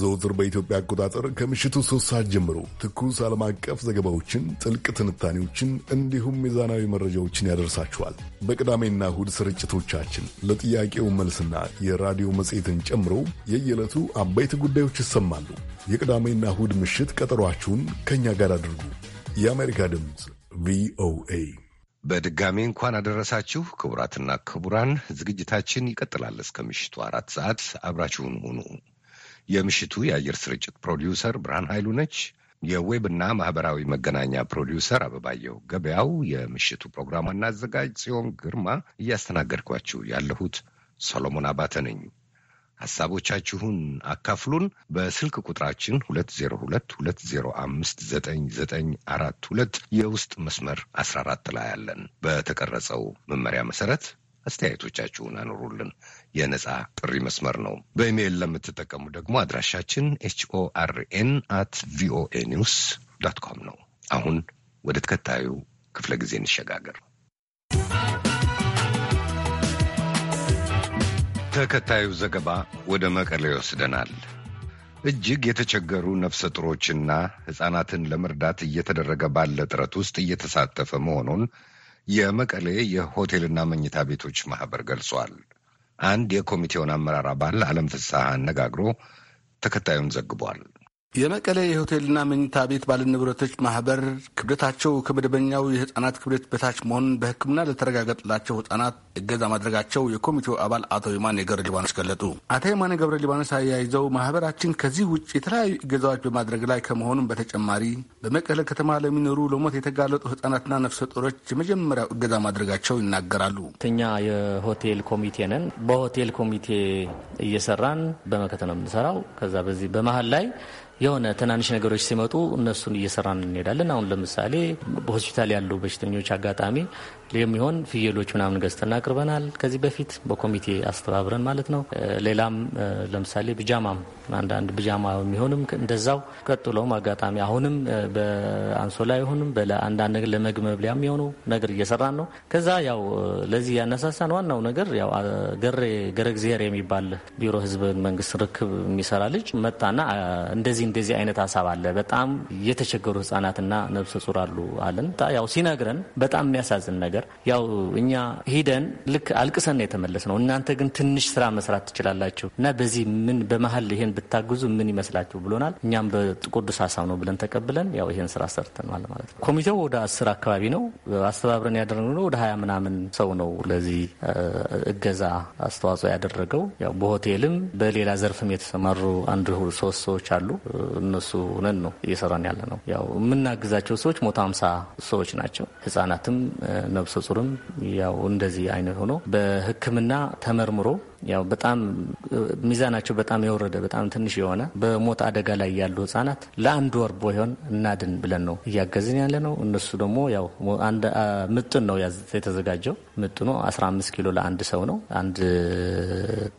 ዘውትር በኢትዮጵያ አቆጣጠር ከምሽቱ ሶስት ሰዓት ጀምሮ ትኩስ ዓለም አቀፍ ዘገባዎችን፣ ጥልቅ ትንታኔዎችን እንዲሁም ሚዛናዊ መረጃዎችን ያደርሳችኋል። በቅዳሜና እሁድ ስርጭቶቻችን ለጥያቄው መልስና የራዲዮ መጽሔትን ጨምሮ የየዕለቱ አበይት ጉዳዮች ይሰማሉ። የቅዳሜና እሁድ ምሽት ቀጠሯችሁን ከእኛ ጋር አድርጉ። የአሜሪካ ድምፅ ቪኦኤ በድጋሚ እንኳን አደረሳችሁ ክቡራትና ክቡራን። ዝግጅታችን ይቀጥላል እስከ ምሽቱ አራት ሰዓት አብራችሁን ሁኑ። የምሽቱ የአየር ስርጭት ፕሮዲውሰር ብርሃን ኃይሉ ነች። የዌብና ማህበራዊ መገናኛ ፕሮዲውሰር አበባየሁ ገበያው፣ የምሽቱ ፕሮግራም አዘጋጅ ጽዮን ግርማ፣ እያስተናገድኳችሁ ያለሁት ሰሎሞን አባተ ነኝ። ሀሳቦቻችሁን አካፍሉን። በስልክ ቁጥራችን 2022059942 የውስጥ መስመር 14 ላይ አለን። በተቀረጸው መመሪያ መሰረት አስተያየቶቻችሁን አኖሩልን። የነጻ ጥሪ መስመር ነው። በኢሜይል ለምትጠቀሙ ደግሞ አድራሻችን ኤችኦአርኤን አት ቪኦኤ ኒውስ ዶት ኮም ነው። አሁን ወደ ተከታዩ ክፍለ ጊዜ እንሸጋገር። ተከታዩ ዘገባ ወደ መቀሌ ይወስደናል። እጅግ የተቸገሩ ነፍሰ ጥሮችና ሕፃናትን ለመርዳት እየተደረገ ባለ ጥረት ውስጥ እየተሳተፈ መሆኑን የመቀሌ የሆቴልና መኝታ ቤቶች ማህበር ገልጿል። አንድ የኮሚቴውን አመራር አባል አለም ፍስሐ አነጋግሮ ተከታዩን ዘግቧል። የመቀሌ የሆቴልና መኝታ ቤት ባለንብረቶች ማህበር ክብደታቸው ከመደበኛው የህፃናት ክብደት በታች መሆኑን በሕክምና ለተረጋገጥላቸው ህፃናት እገዛ ማድረጋቸው የኮሚቴው አባል አቶ የማነ ገብረ ሊባኖስ ገለጡ። አቶ የማነ ገብረ ሊባኖስ አያይዘው ማህበራችን ከዚህ ውጭ የተለያዩ እገዛዎች በማድረግ ላይ ከመሆኑም በተጨማሪ በመቀሌ ከተማ ለሚኖሩ ለሞት የተጋለጡ ህፃናትና ነፍሰ ጡሮች የመጀመሪያው እገዛ ማድረጋቸው ይናገራሉ። እኛ የሆቴል ኮሚቴ ነን። በሆቴል ኮሚቴ እየሰራን በመከተ ነው የምንሰራው። ከዛ በዚህ በመሀል ላይ የሆነ ትናንሽ ነገሮች ሲመጡ እነሱን እየሰራን እንሄዳለን። አሁን ለምሳሌ በሆስፒታል ያሉ በሽተኞች አጋጣሚ የሚሆን ፍየሎች ምናምን ገዝተን አቅርበናል። ከዚህ በፊት በኮሚቴ አስተባብረን ማለት ነው። ሌላም ለምሳሌ ብጃማም አንዳንድ ብጃማ የሚሆንም እንደዛው ቀጥሎም አጋጣሚ አሁንም በአንሶላ ይሁንም አንዳንድ ለመግብ መብያ የሚሆኑ ነገር እየሰራን ነው። ከዛ ያው ለዚህ ያነሳሳን ዋናው ነገር ያው ገረ እግዚአብሔር የሚባል ቢሮ ህዝብ መንግስት ርክብ የሚሰራ ልጅ መጣና እንደዚህ እንደዚህ አይነት ሀሳብ አለ በጣም የተቸገሩ ህጻናትና ነብሰ ጹር አሉ አለን። ያው ሲነግረን በጣም የሚያሳዝን ነገር ነገር ያው እኛ ሂደን ልክ አልቅሰን ነው የተመለስ ነው። እናንተ ግን ትንሽ ስራ መስራት ትችላላችሁ እና በዚህ ምን በመሀል ይሄን ብታግዙ ምን ይመስላችሁ ብሎናል። እኛም በቅዱስ ሀሳብ ነው ብለን ተቀብለን ያው ይሄን ስራ ሰርተናል ማለት ነው። ኮሚቴው ወደ አስር አካባቢ ነው አስተባብረን ያደረግነው ወደ ሀያ ምናምን ሰው ነው ለዚህ እገዛ አስተዋጽኦ ያደረገው ያው በሆቴልም በሌላ ዘርፍም የተሰማሩ አንድ ሶስት ሰዎች አሉ። እነሱ ነን ነው እየሰራን ያለ ነው። ያው የምናግዛቸው ሰዎች ሞቶ ሀምሳ ሰዎች ናቸው። ህጻናትም ነብሰ ጡርም ያው እንደዚህ አይነት ሆኖ በሕክምና ተመርምሮ ያው በጣም ሚዛናቸው በጣም የወረደ በጣም ትንሽ የሆነ በሞት አደጋ ላይ ያሉ ህጻናት ለአንድ ወር ቦይሆን እናድን ብለን ነው እያገዝን ያለ ነው። እነሱ ደግሞ ያው ምጥን ነው የተዘጋጀው። ምጥኑ 15 ኪሎ ለአንድ ሰው ነው። አንድ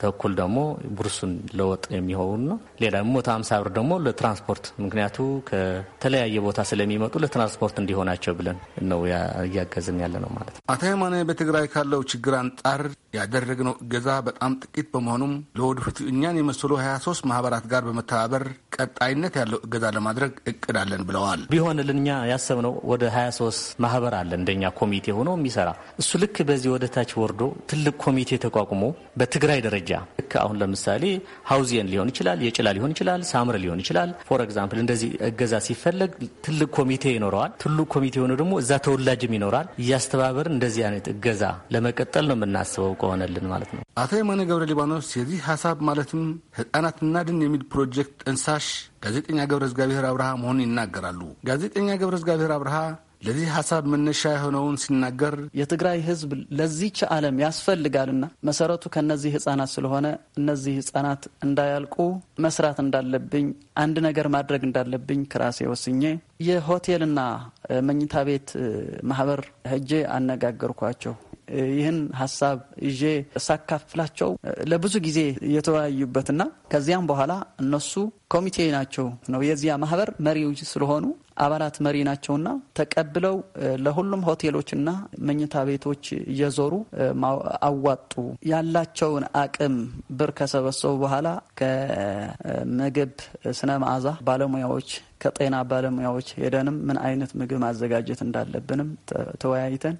ተኩል ደግሞ ብርሱን ለወጥ የሚሆኑ ነው። ሌላ ሞት 50 ብር ደግሞ ለትራንስፖርት ምክንያቱ ከተለያየ ቦታ ስለሚመጡ ለትራንስፖርት እንዲሆናቸው ብለን ነው እያገዝን ያለ ነው ማለት ነው። አቶ የማነ በትግራይ ካለው ችግር አንጻር ያደረግነው እገዛ በጣም በጣም ጥቂት በመሆኑም ለወደፊቱ እኛን የመሰሉ 23 ማህበራት ጋር በመተባበር ቀጣይነት ያለው እገዛ ለማድረግ እቅድ አለን ብለዋል። ቢሆንልን እኛ ያሰብነው ወደ 23 ማህበር አለ እንደኛ ኮሚቴ ሆኖ የሚሰራ እሱ ልክ በዚህ ወደ ታች ወርዶ ትልቅ ኮሚቴ ተቋቁሞ በትግራይ ደረጃ ልክ አሁን ለምሳሌ ሀውዚየን ሊሆን ይችላል፣ የጭላ ሊሆን ይችላል፣ ሳምር ሊሆን ይችላል። ፎር ኤግዛምፕል እንደዚህ እገዛ ሲፈለግ ትልቅ ኮሚቴ ይኖረዋል። ትልቅ ኮሚቴ ሆኖ ደግሞ እዛ ተወላጅም ይኖራል። እያስተባበርን እንደዚህ አይነት እገዛ ለመቀጠል ነው የምናስበው ከሆነልን ማለት ነው። አቶ የማነ ገብረ ሊባኖስ የዚህ ሀሳብ ማለትም ሕፃናትና እናድን የሚል ፕሮጀክት ጠንሳሽ ጋዜጠኛ ገብረ እግዚአብሔር አብርሃ መሆኑን ይናገራሉ። ጋዜጠኛ ገብረ እግዚአብሔር አብርሃ ለዚህ ሀሳብ መነሻ የሆነውን ሲናገር የትግራይ ህዝብ ለዚች ዓለም ያስፈልጋልና መሰረቱ ከእነዚህ ህጻናት ስለሆነ እነዚህ ህጻናት እንዳያልቁ መስራት እንዳለብኝ፣ አንድ ነገር ማድረግ እንዳለብኝ ክራሴ ወስኜ የሆቴልና መኝታ ቤት ማህበር ሄጄ አነጋገርኳቸው። ይህን ሀሳብ ይዤ ሳካፍላቸው ለብዙ ጊዜ የተወያዩበትና ከዚያም በኋላ እነሱ ኮሚቴ ናቸው ነው የዚያ ማህበር መሪዎች ስለሆኑ አባላት መሪ ናቸውና ተቀብለው ለሁሉም ሆቴሎችና መኝታ ቤቶች እየዞሩ አዋጡ። ያላቸውን አቅም ብር ከሰበሰቡ በኋላ ከምግብ ስነ መዓዛ ባለሙያዎች ከጤና ባለሙያዎች ሄደንም ምን አይነት ምግብ ማዘጋጀት እንዳለብንም ተወያይተን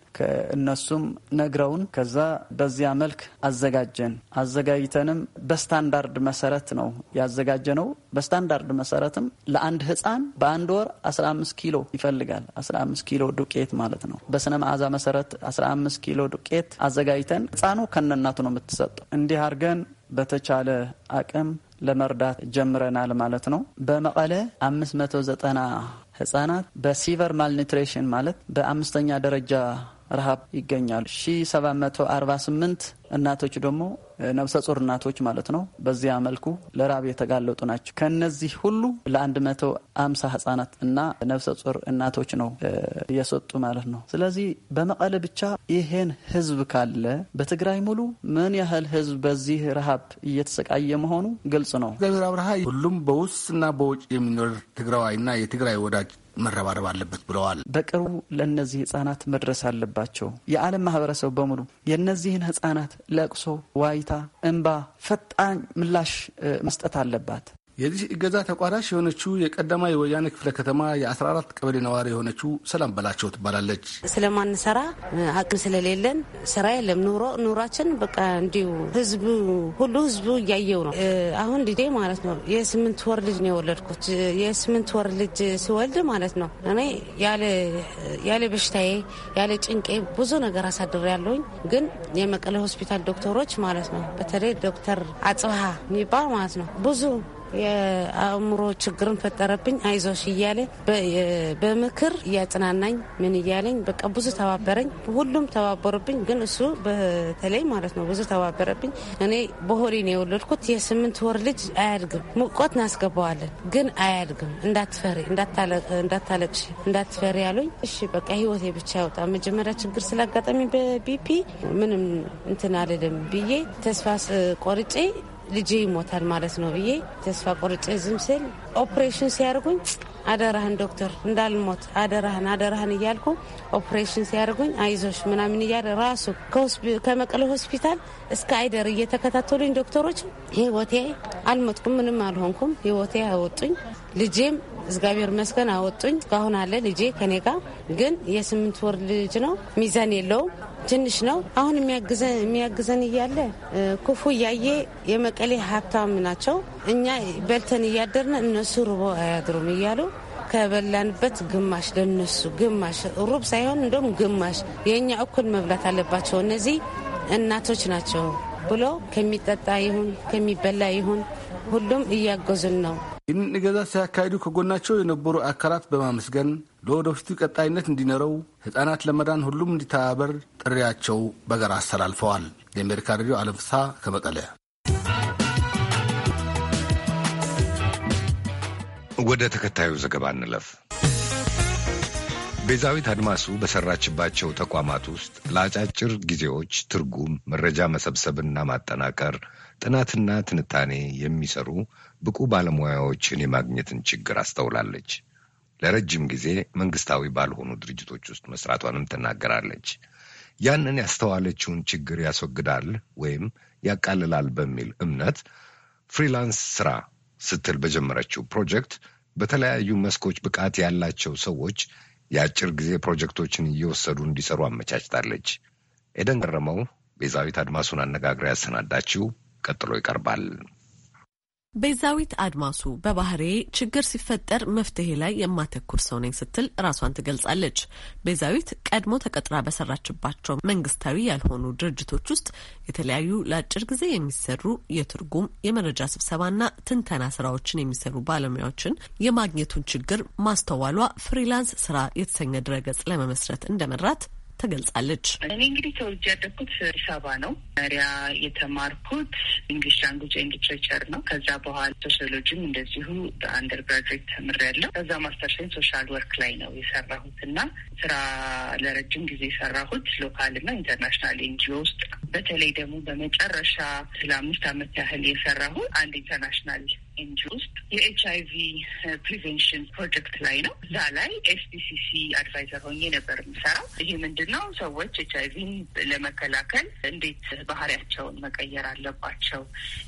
እነሱም ነግረውን ከዛ በዚያ መልክ አዘጋጀን። አዘጋጅተንም በስታንዳርድ መሰረት ነው ያዘጋጀ ነው። በስታንዳርድ መሰረትም ለአንድ ህፃን በአንድ ወር 15 ኪሎ ይፈልጋል። 15 ኪሎ ዱቄት ማለት ነው። በስነ መዓዛ መሰረት 15 ኪሎ ዱቄት አዘጋጅተን ህፃኑ ከነናቱ ነው የምትሰጠው። እንዲህ አድርገን በተቻለ አቅም ለመርዳት ጀምረናል ማለት ነው። በመቀለ 590 ህጻናት በሲቨር ማልኒትሬሽን ማለት በአምስተኛ ደረጃ ረሃብ ይገኛሉ። 1748 እናቶች ደግሞ ነብሰ ጡር እናቶች ማለት ነው። በዚያ መልኩ ለራብ የተጋለጡ ናቸው። ከነዚህ ሁሉ ለአንድ መቶ አምሳ ህጻናት እና ነብሰ ጡር እናቶች ነው እየሰጡ ማለት ነው። ስለዚህ በመቀለ ብቻ ይሄን ህዝብ ካለ በትግራይ ሙሉ ምን ያህል ህዝብ በዚህ ረሃብ እየተሰቃየ መሆኑ ግልጽ ነው። እግዚአብሔር አብርሃ ሁሉም በውስጥና በውጭ የሚኖር ትግራዋይና የትግራይ ወዳጅ መረባረብ አለበት ብለዋል። በቅርቡ ለእነዚህ ህጻናት መድረስ አለባቸው። የዓለም ማህበረሰብ በሙሉ የእነዚህን ህጻናት ለቅሶ ዋይ ሁኔታ እንባ ፈጣን ምላሽ መስጠት አለባት። የዚህ እገዛ ተቋዳሽ የሆነችው የቀዳማ የወያኔ ክፍለ ከተማ የ14 ቀበሌ ነዋሪ የሆነችው ሰላም በላቸው ትባላለች። ስለማንሰራ አቅም ስለሌለን ስራ የለም። ኑሮ ኑሯችን በቃ እንዲሁ ህዝቡ ሁሉ ህዝቡ እያየው ነው። አሁን ዲዴ ማለት ነው የስምንት ወር ልጅ ነው የወለድኩት። የስምንት ወር ልጅ ስወልድ ማለት ነው እኔ ያለ በሽታዬ ያለ ጭንቄ ብዙ ነገር አሳድር ያለውኝ ግን የመቀለ ሆስፒታል ዶክተሮች ማለት ነው በተለይ ዶክተር አጽብሃ የሚባል ማለት ነው ብዙ የአእምሮ ችግርን ፈጠረብኝ። አይዞሽ እያለ በምክር እያጽናናኝ ምን እያለኝ በቃ ብዙ ተባበረኝ። ሁሉም ተባበሩብኝ፣ ግን እሱ በተለይ ማለት ነው ብዙ ተባበረብኝ። እኔ በሆዴ ነው የወለድኩት። የስምንት ወር ልጅ አያድግም። ሙቆት እናስገባዋለን፣ ግን አያድግም። እንዳትፈሪ፣ እንዳታለቅሽ፣ እንዳትፈሪ ያሉኝ። እሺ በቃ ህይወቴ ብቻ ያወጣ መጀመሪያ ችግር ስላጋጠሚ በቢፒ ምንም እንትን አልልም ብዬ ተስፋ ቆርጬ ልጄ ይሞታል ማለት ነው ብዬ ተስፋ ቆርጬ ዝም ስል ኦፕሬሽን ሲያደርጉኝ አደራህን ዶክተር እንዳልሞት አደራህን አደራህን እያልኩ ኦፕሬሽን ሲያደርጉኝ አይዞሽ ምናምን እያለ ራሱ ከመቀለ ሆስፒታል እስከ አይደር እየተከታተሉኝ ዶክተሮች ህይወቴ አልሞትኩም፣ ምንም አልሆንኩም፣ ህይወቴ አወጡኝ ልጄም እግዚአብሔር ይመስገን አወጡኝ። እስካሁን አለ ልጄ ከኔ ጋ ግን የስምንት ወር ልጅ ነው። ሚዛን የለውም ትንሽ ነው። አሁን የሚያግዘን እያለ ክፉ እያየ የመቀሌ ሀብታም ናቸው። እኛ በልተን እያደርን እነሱ ርቦ አያድሩም እያሉ ከበላንበት ግማሽ ለነሱ ግማሽ ሩብ ሳይሆን እንደም ግማሽ የእኛ እኩል መብላት አለባቸው እነዚህ እናቶች ናቸው ብሎ ከሚጠጣ ይሁን ከሚበላ ይሁን ሁሉም እያገዙን ነው። ይህንን እገዛ ሲያካሂዱ ከጎናቸው የነበሩ አካላት በማመስገን ለወደፊቱ ቀጣይነት እንዲኖረው ህፃናት ለመዳን ሁሉም እንዲተባበር ጥሪያቸው በጋራ አስተላልፈዋል። የአሜሪካ ሬዲዮ አለም ፍስሐ ከመቀለ። ወደ ተከታዩ ዘገባ እንለፍ። ቤዛዊት አድማሱ በሰራችባቸው ተቋማት ውስጥ ለአጫጭር ጊዜዎች ትርጉም መረጃ መሰብሰብና ማጠናቀር ጥናትና ትንታኔ የሚሰሩ ብቁ ባለሙያዎችን የማግኘትን ችግር አስተውላለች። ለረጅም ጊዜ መንግስታዊ ባልሆኑ ድርጅቶች ውስጥ መስራቷንም ትናገራለች። ያንን ያስተዋለችውን ችግር ያስወግዳል ወይም ያቃልላል በሚል እምነት ፍሪላንስ ስራ ስትል በጀመረችው ፕሮጀክት በተለያዩ መስኮች ብቃት ያላቸው ሰዎች የአጭር ጊዜ ፕሮጀክቶችን እየወሰዱ እንዲሰሩ አመቻችታለች። ኤደን ገረመው ቤዛዊት አድማሱን አነጋግራ ያሰናዳችው ቀጥሎ ይቀርባል። ቤዛዊት አድማሱ በባህሬ ችግር ሲፈጠር መፍትሄ ላይ የማተኩር ሰው ነኝ ስትል ራሷን ትገልጻለች። ቤዛዊት ቀድሞ ተቀጥራ በሰራችባቸው መንግስታዊ ያልሆኑ ድርጅቶች ውስጥ የተለያዩ ለአጭር ጊዜ የሚሰሩ የትርጉም የመረጃ ስብሰባና ትንተና ስራዎችን የሚሰሩ ባለሙያዎችን የማግኘቱን ችግር ማስተዋሏ ፍሪላንስ ስራ የተሰኘ ድረገጽ ለመመስረት እንደመራት ተገልጻለች። እኔ እንግዲህ ተወልጄ ያደግኩት አዲስ አበባ ነው። መሪያ የተማርኩት እንግሊሽ ላንጉጅ ኤንድ ሊትሬቸር ነው። ከዛ በኋላ ሶሲዮሎጂም እንደዚሁ በአንደር ግራጅዌት ተምሬያለሁ። ከዛ ማስተርሴን ሶሻል ወርክ ላይ ነው የሰራሁት እና ስራ ለረጅም ጊዜ የሰራሁት ሎካል እና ኢንተርናሽናል ኤንጂኦ ውስጥ በተለይ ደግሞ በመጨረሻ ስለ አምስት አመት ያህል የሰራሁት አንድ ኢንተርናሽናል ኤንጂኦ ውስጥ የኤች አይ ቪ ፕሪቨንሽን ፕሮጀክት ላይ ነው። እዛ ላይ ኤስፒሲሲ አድቫይዘር ሆኜ ነበር የምሰራው። ይሄ ምንድን ነው? ሰዎች ኤች አይ ቪን ለመከላከል እንዴት ባህሪያቸውን መቀየር አለባቸው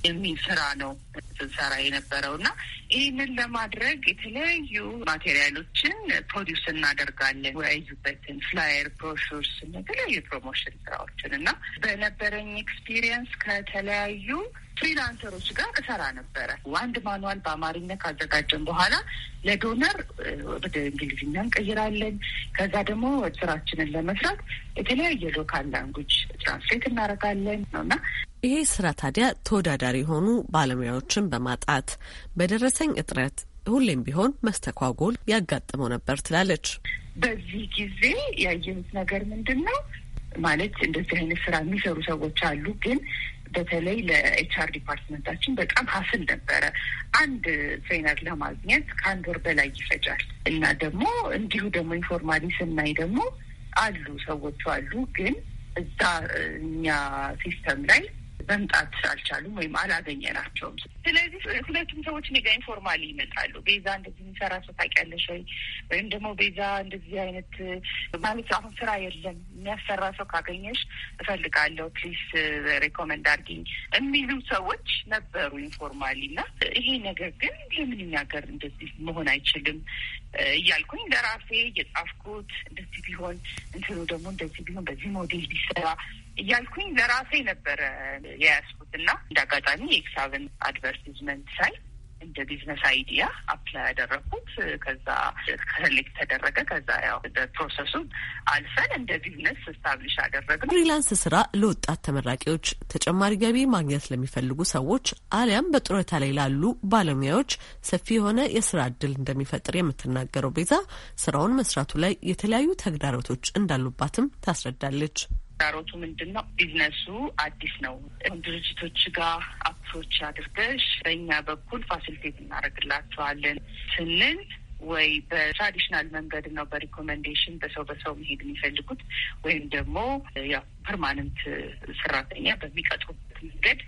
የሚል ስራ ነው ስንሰራ የነበረው እና ይህንን ለማድረግ የተለያዩ ማቴሪያሎችን ፕሮዲውስ እናደርጋለን። ወያዩበትን ፍላየር፣ ብሮሹርስ፣ የተለያዩ ፕሮሞሽን ስራዎችን እና በነበረኝ ኤክስፒሪየንስ ከተለያዩ ፍሪላንሰሮች ጋር እሰራ ነበረ። ዋንድ ማኑዋል በአማርኛ ካዘጋጀን በኋላ ለዶነር ወደ እንግሊዝኛ እንቀይራለን። ከዛ ደግሞ ስራችንን ለመስራት የተለያየ ሎካል ላንጉጅ ትራንስሌት እናደርጋለን ነውና ይሄ ስራ ታዲያ ተወዳዳሪ የሆኑ ባለሙያዎችን በማጣት በደረሰኝ እጥረት ሁሌም ቢሆን መስተኳጎል ያጋጥመው ነበር ትላለች። በዚህ ጊዜ ያየሁት ነገር ምንድን ነው ማለት እንደዚህ አይነት ስራ የሚሰሩ ሰዎች አሉ ግን በተለይ ለኤችአር ዲፓርትመንታችን በጣም ሀስል ነበረ። አንድ ትሬነር ለማግኘት ከአንድ ወር በላይ ይፈጃል እና ደግሞ እንዲሁ ደግሞ ኢንፎርማሊ ስናይ ደግሞ አሉ ሰዎቹ አሉ፣ ግን እዛ እኛ ሲስተም ላይ መምጣት አልቻሉም ወይም አላገኘናቸውም። ስለዚህ ሁለቱም ሰዎች እኔ ኢንፎርማሊ ይመጣሉ። ቤዛ እንደዚህ የሚሰራ ሰው ታውቂያለሽ ወይ? ወይም ደግሞ ቤዛ እንደዚህ አይነት ማለት አሁን ስራ የለም የሚያሰራ ሰው ካገኘሽ እፈልጋለሁ ፕሊስ ሬኮመንድ አድርጊኝ የሚሉ ሰዎች ነበሩ ኢንፎርማሊ። እና ይሄ ነገር ግን ለምን ሀገር እንደዚህ መሆን አይችልም እያልኩኝ ለራሴ እየጻፍኩት እንደዚህ ቢሆን እንትኑ ደግሞ እንደዚህ ቢሆን በዚህ ሞዴል ቢሰራ እያልኩኝ ለራሴ ነበረ የያዝኩት እና እንደ አጋጣሚ የሂሳብን አድቨርቲዝመንት ሳይ እንደ ቢዝነስ አይዲያ አፕላይ ያደረግኩት ከዛ ከሌክ ተደረገ። ከዛ ያው ፕሮሰሱን አልፈን እንደ ቢዝነስ እስታብሊሽ አደረግ ፍሪላንስ ስራ ለወጣት ተመራቂዎች፣ ተጨማሪ ገቢ ማግኘት ለሚፈልጉ ሰዎች አሊያም በጡረታ ላይ ላሉ ባለሙያዎች ሰፊ የሆነ የስራ እድል እንደሚፈጥር የምትናገረው ቤዛ ስራውን መስራቱ ላይ የተለያዩ ተግዳሮቶች እንዳሉባትም ታስረዳለች። ዳሮቱ ምንድን ነው? ቢዝነሱ አዲስ ነው። ድርጅቶች ጋር አፕሮች አድርገሽ በእኛ በኩል ፋሲሊቴት እናደርግላቸዋለን ስንል ወይ በትራዲሽናል መንገድ ነው በሪኮመንዴሽን በሰው በሰው መሄድ የሚፈልጉት ወይም ደግሞ ያው ፐርማነንት ሰራተኛ በሚቀጥሩበት መንገድ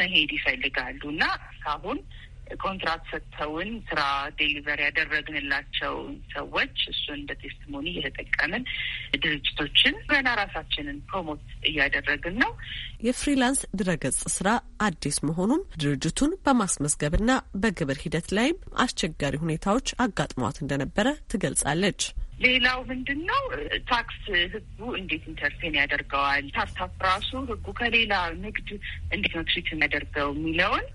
መሄድ ይፈልጋሉ እና አሁን ኮንትራክት ሰጥተውን ስራ ዴሊቨር ያደረግንላቸው ሰዎች እሱን እንደ ቴስቲሞኒ እየተጠቀምን ድርጅቶችን ገና ራሳችንን ፕሮሞት እያደረግን ነው። የፍሪላንስ ድረገጽ ስራ አዲስ መሆኑም ድርጅቱን በማስመዝገብና በግብር ሂደት ላይም አስቸጋሪ ሁኔታዎች አጋጥሟት እንደነበረ ትገልጻለች። ሌላው ምንድን ነው ታክስ ህጉ እንዴት ኢንተርቴን ያደርገዋል? ስታርታፕ ራሱ ህጉ ከሌላ ንግድ እንዴት ነው ትሪት የሚያደርገው የሚለውን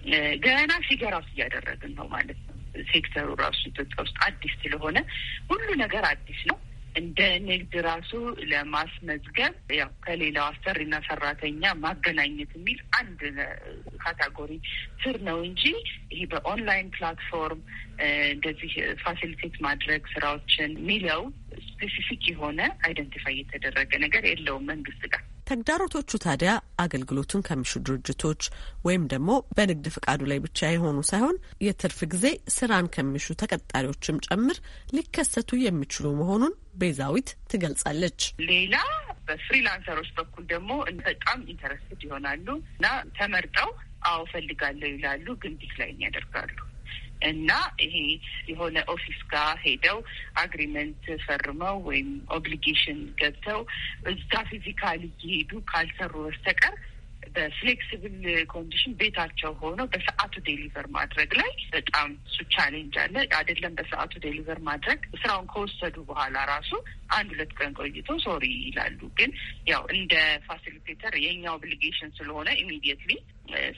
ገና ፊገር እያደረግን ነው ማለት ነው። ሴክተሩ ራሱ ኢትዮጵያ ውስጥ አዲስ ስለሆነ ሁሉ ነገር አዲስ ነው። እንደ ንግድ ራሱ ለማስመዝገብ ያው ከሌላው አሰሪና ሰራተኛ ማገናኘት የሚል አንድ ካታጎሪ ስር ነው እንጂ ይሄ በኦንላይን ፕላትፎርም እንደዚህ ፋሲሊቴት ማድረግ ስራዎችን የሚለው ስፔሲፊክ የሆነ አይደንቲፋይ የተደረገ ነገር የለውም መንግስት ጋር። ተግዳሮቶቹ ታዲያ አገልግሎቱን ከሚሹ ድርጅቶች ወይም ደግሞ በንግድ ፍቃዱ ላይ ብቻ የሆኑ ሳይሆን የትርፍ ጊዜ ስራን ከሚሹ ተቀጣሪዎችም ጭምር ሊከሰቱ የሚችሉ መሆኑን ቤዛዊት ትገልጻለች። ሌላ በፍሪላንሰሮች በኩል ደግሞ በጣም ኢንተረስትድ ይሆናሉ እና ተመርጠው አዎ ፈልጋለሁ ይላሉ፣ ግን ዲክላይን ያደርጋሉ። እና ይሄ የሆነ ኦፊስ ጋር ሄደው አግሪመንት ፈርመው ወይም ኦብሊጌሽን ገብተው እዛ ፊዚካል እየሄዱ ካልሰሩ በስተቀር በፍሌክሲብል ኮንዲሽን ቤታቸው ሆነው በሰዓቱ ዴሊቨር ማድረግ ላይ በጣም እሱ ቻሌንጅ አለ። አይደለም በሰዓቱ ዴሊቨር ማድረግ ስራውን ከወሰዱ በኋላ ራሱ አንድ ሁለት ቀን ቆይቶ ሶሪ ይላሉ። ግን ያው እንደ ፋሲሊቴተር የኛ ኦብሊጌሽን ስለሆነ ኢሚዲየትሊ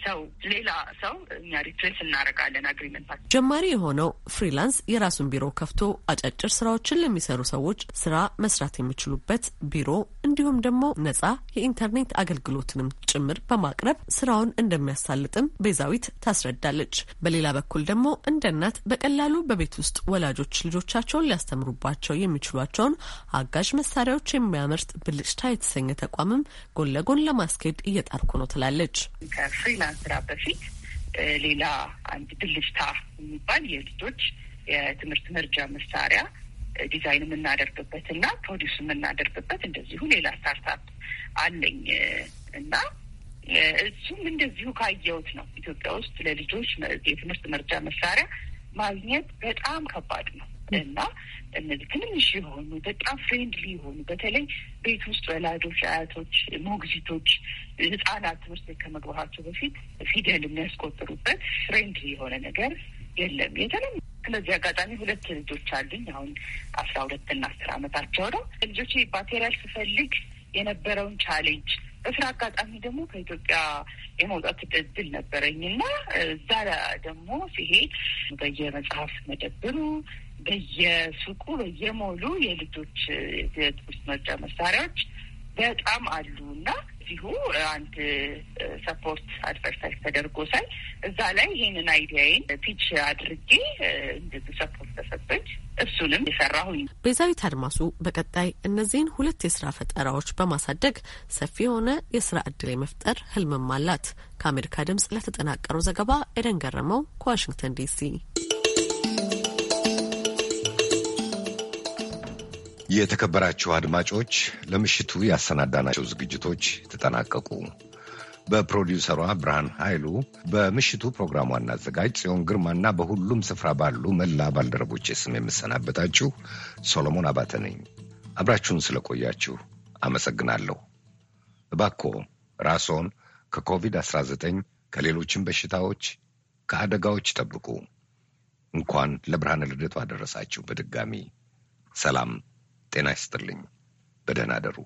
ሰው ሌላ ሰው እኛ ሪፕሌስ እናደርጋለን አግሪመንታችን። ጀማሪ የሆነው ፍሪላንስ የራሱን ቢሮ ከፍቶ አጫጭር ስራዎችን ለሚሰሩ ሰዎች ስራ መስራት የሚችሉበት ቢሮ እንዲሁም ደግሞ ነጻ የኢንተርኔት አገልግሎትንም ጭምር በማቅረብ ስራውን እንደሚያሳልጥም ቤዛዊት ታስረዳለች። በሌላ በኩል ደግሞ እንደ እናት በቀላሉ በቤት ውስጥ ወላጆች ልጆቻቸውን ሊያስተምሩባቸው የሚችሏቸውን አጋዥ መሳሪያዎች የሚያመርት ብልጭታ የተሰኘ ተቋምም ጎን ለጎን ለማስኬድ እየጣርኩ ነው ትላለች። ከፍሪላንስ ስራ በፊት ሌላ አንድ ብልጭታ የሚባል የልጆች የትምህርት መርጃ መሳሪያ ዲዛይን የምናደርግበት እና ፕሮዲውስ የምናደርግበት እንደዚሁ ሌላ ስታርታፕ አለኝ እና እሱም እንደዚሁ ካየሁት ነው። ኢትዮጵያ ውስጥ ለልጆች የትምህርት መርጃ መሳሪያ ማግኘት በጣም ከባድ ነው እና እነዚህ ትንንሽ የሆኑ በጣም ፍሬንድሊ የሆኑ በተለይ ቤት ውስጥ ወላጆች፣ አያቶች፣ ሞግዚቶች ህጻናት ትምህርት ቤት ከመግባታቸው በፊት ፊደል የሚያስቆጥሩበት ፍሬንድሊ የሆነ ነገር የለም የተለም ስለዚህ አጋጣሚ ሁለት ልጆች አሉኝ። አሁን አስራ ሁለት እና አስር አመታቸው ነው። ልጆች ባቴሪያል ስፈልግ የነበረውን ቻሌንጅ በስራ አጋጣሚ ደግሞ ከኢትዮጵያ የመውጣት እድል ነበረኝ እና እዛ ደግሞ ሲሄድ በየመጽሐፍ መደብሩ፣ በየሱቁ፣ በየሞሉ የልጆች የትምህርት መርጃ መሳሪያዎች በጣም አሉ እና እንደዚሁ አንድ ሰፖርት አድቨርታይዝ ተደርጎ ሳይ እዛ ላይ ይሄንን አይዲያዬን ፒች አድርጌ እንደዚ ሰፖርት ተሰጠች። እሱንም የሰራሁኝ ቤዛዊት አድማሱ በቀጣይ እነዚህን ሁለት የስራ ፈጠራዎች በማሳደግ ሰፊ የሆነ የስራ እድል የመፍጠር ህልምም አላት። ከአሜሪካ ድምጽ ለተጠናቀረው ዘገባ ኤደን ገረመው ከዋሽንግተን ዲሲ የተከበራችሁ አድማጮች ለምሽቱ ያሰናዳናቸው ዝግጅቶች ተጠናቀቁ። በፕሮዲውሰሯ ብርሃን ኃይሉ፣ በምሽቱ ፕሮግራም ዋና አዘጋጅ ጽዮን ግርማና በሁሉም ስፍራ ባሉ መላ ባልደረቦች ስም የምሰናበታችሁ ሶሎሞን አባተ ነኝ። አብራችሁን ስለቆያችሁ አመሰግናለሁ። እባክዎ ራስዎን ከኮቪድ-19 ከሌሎችም በሽታዎች ከአደጋዎች ጠብቁ። እንኳን ለብርሃነ ልደቱ አደረሳችሁ። በድጋሚ ሰላም ጤና ይስጥልኝ። በደህና አደሩ።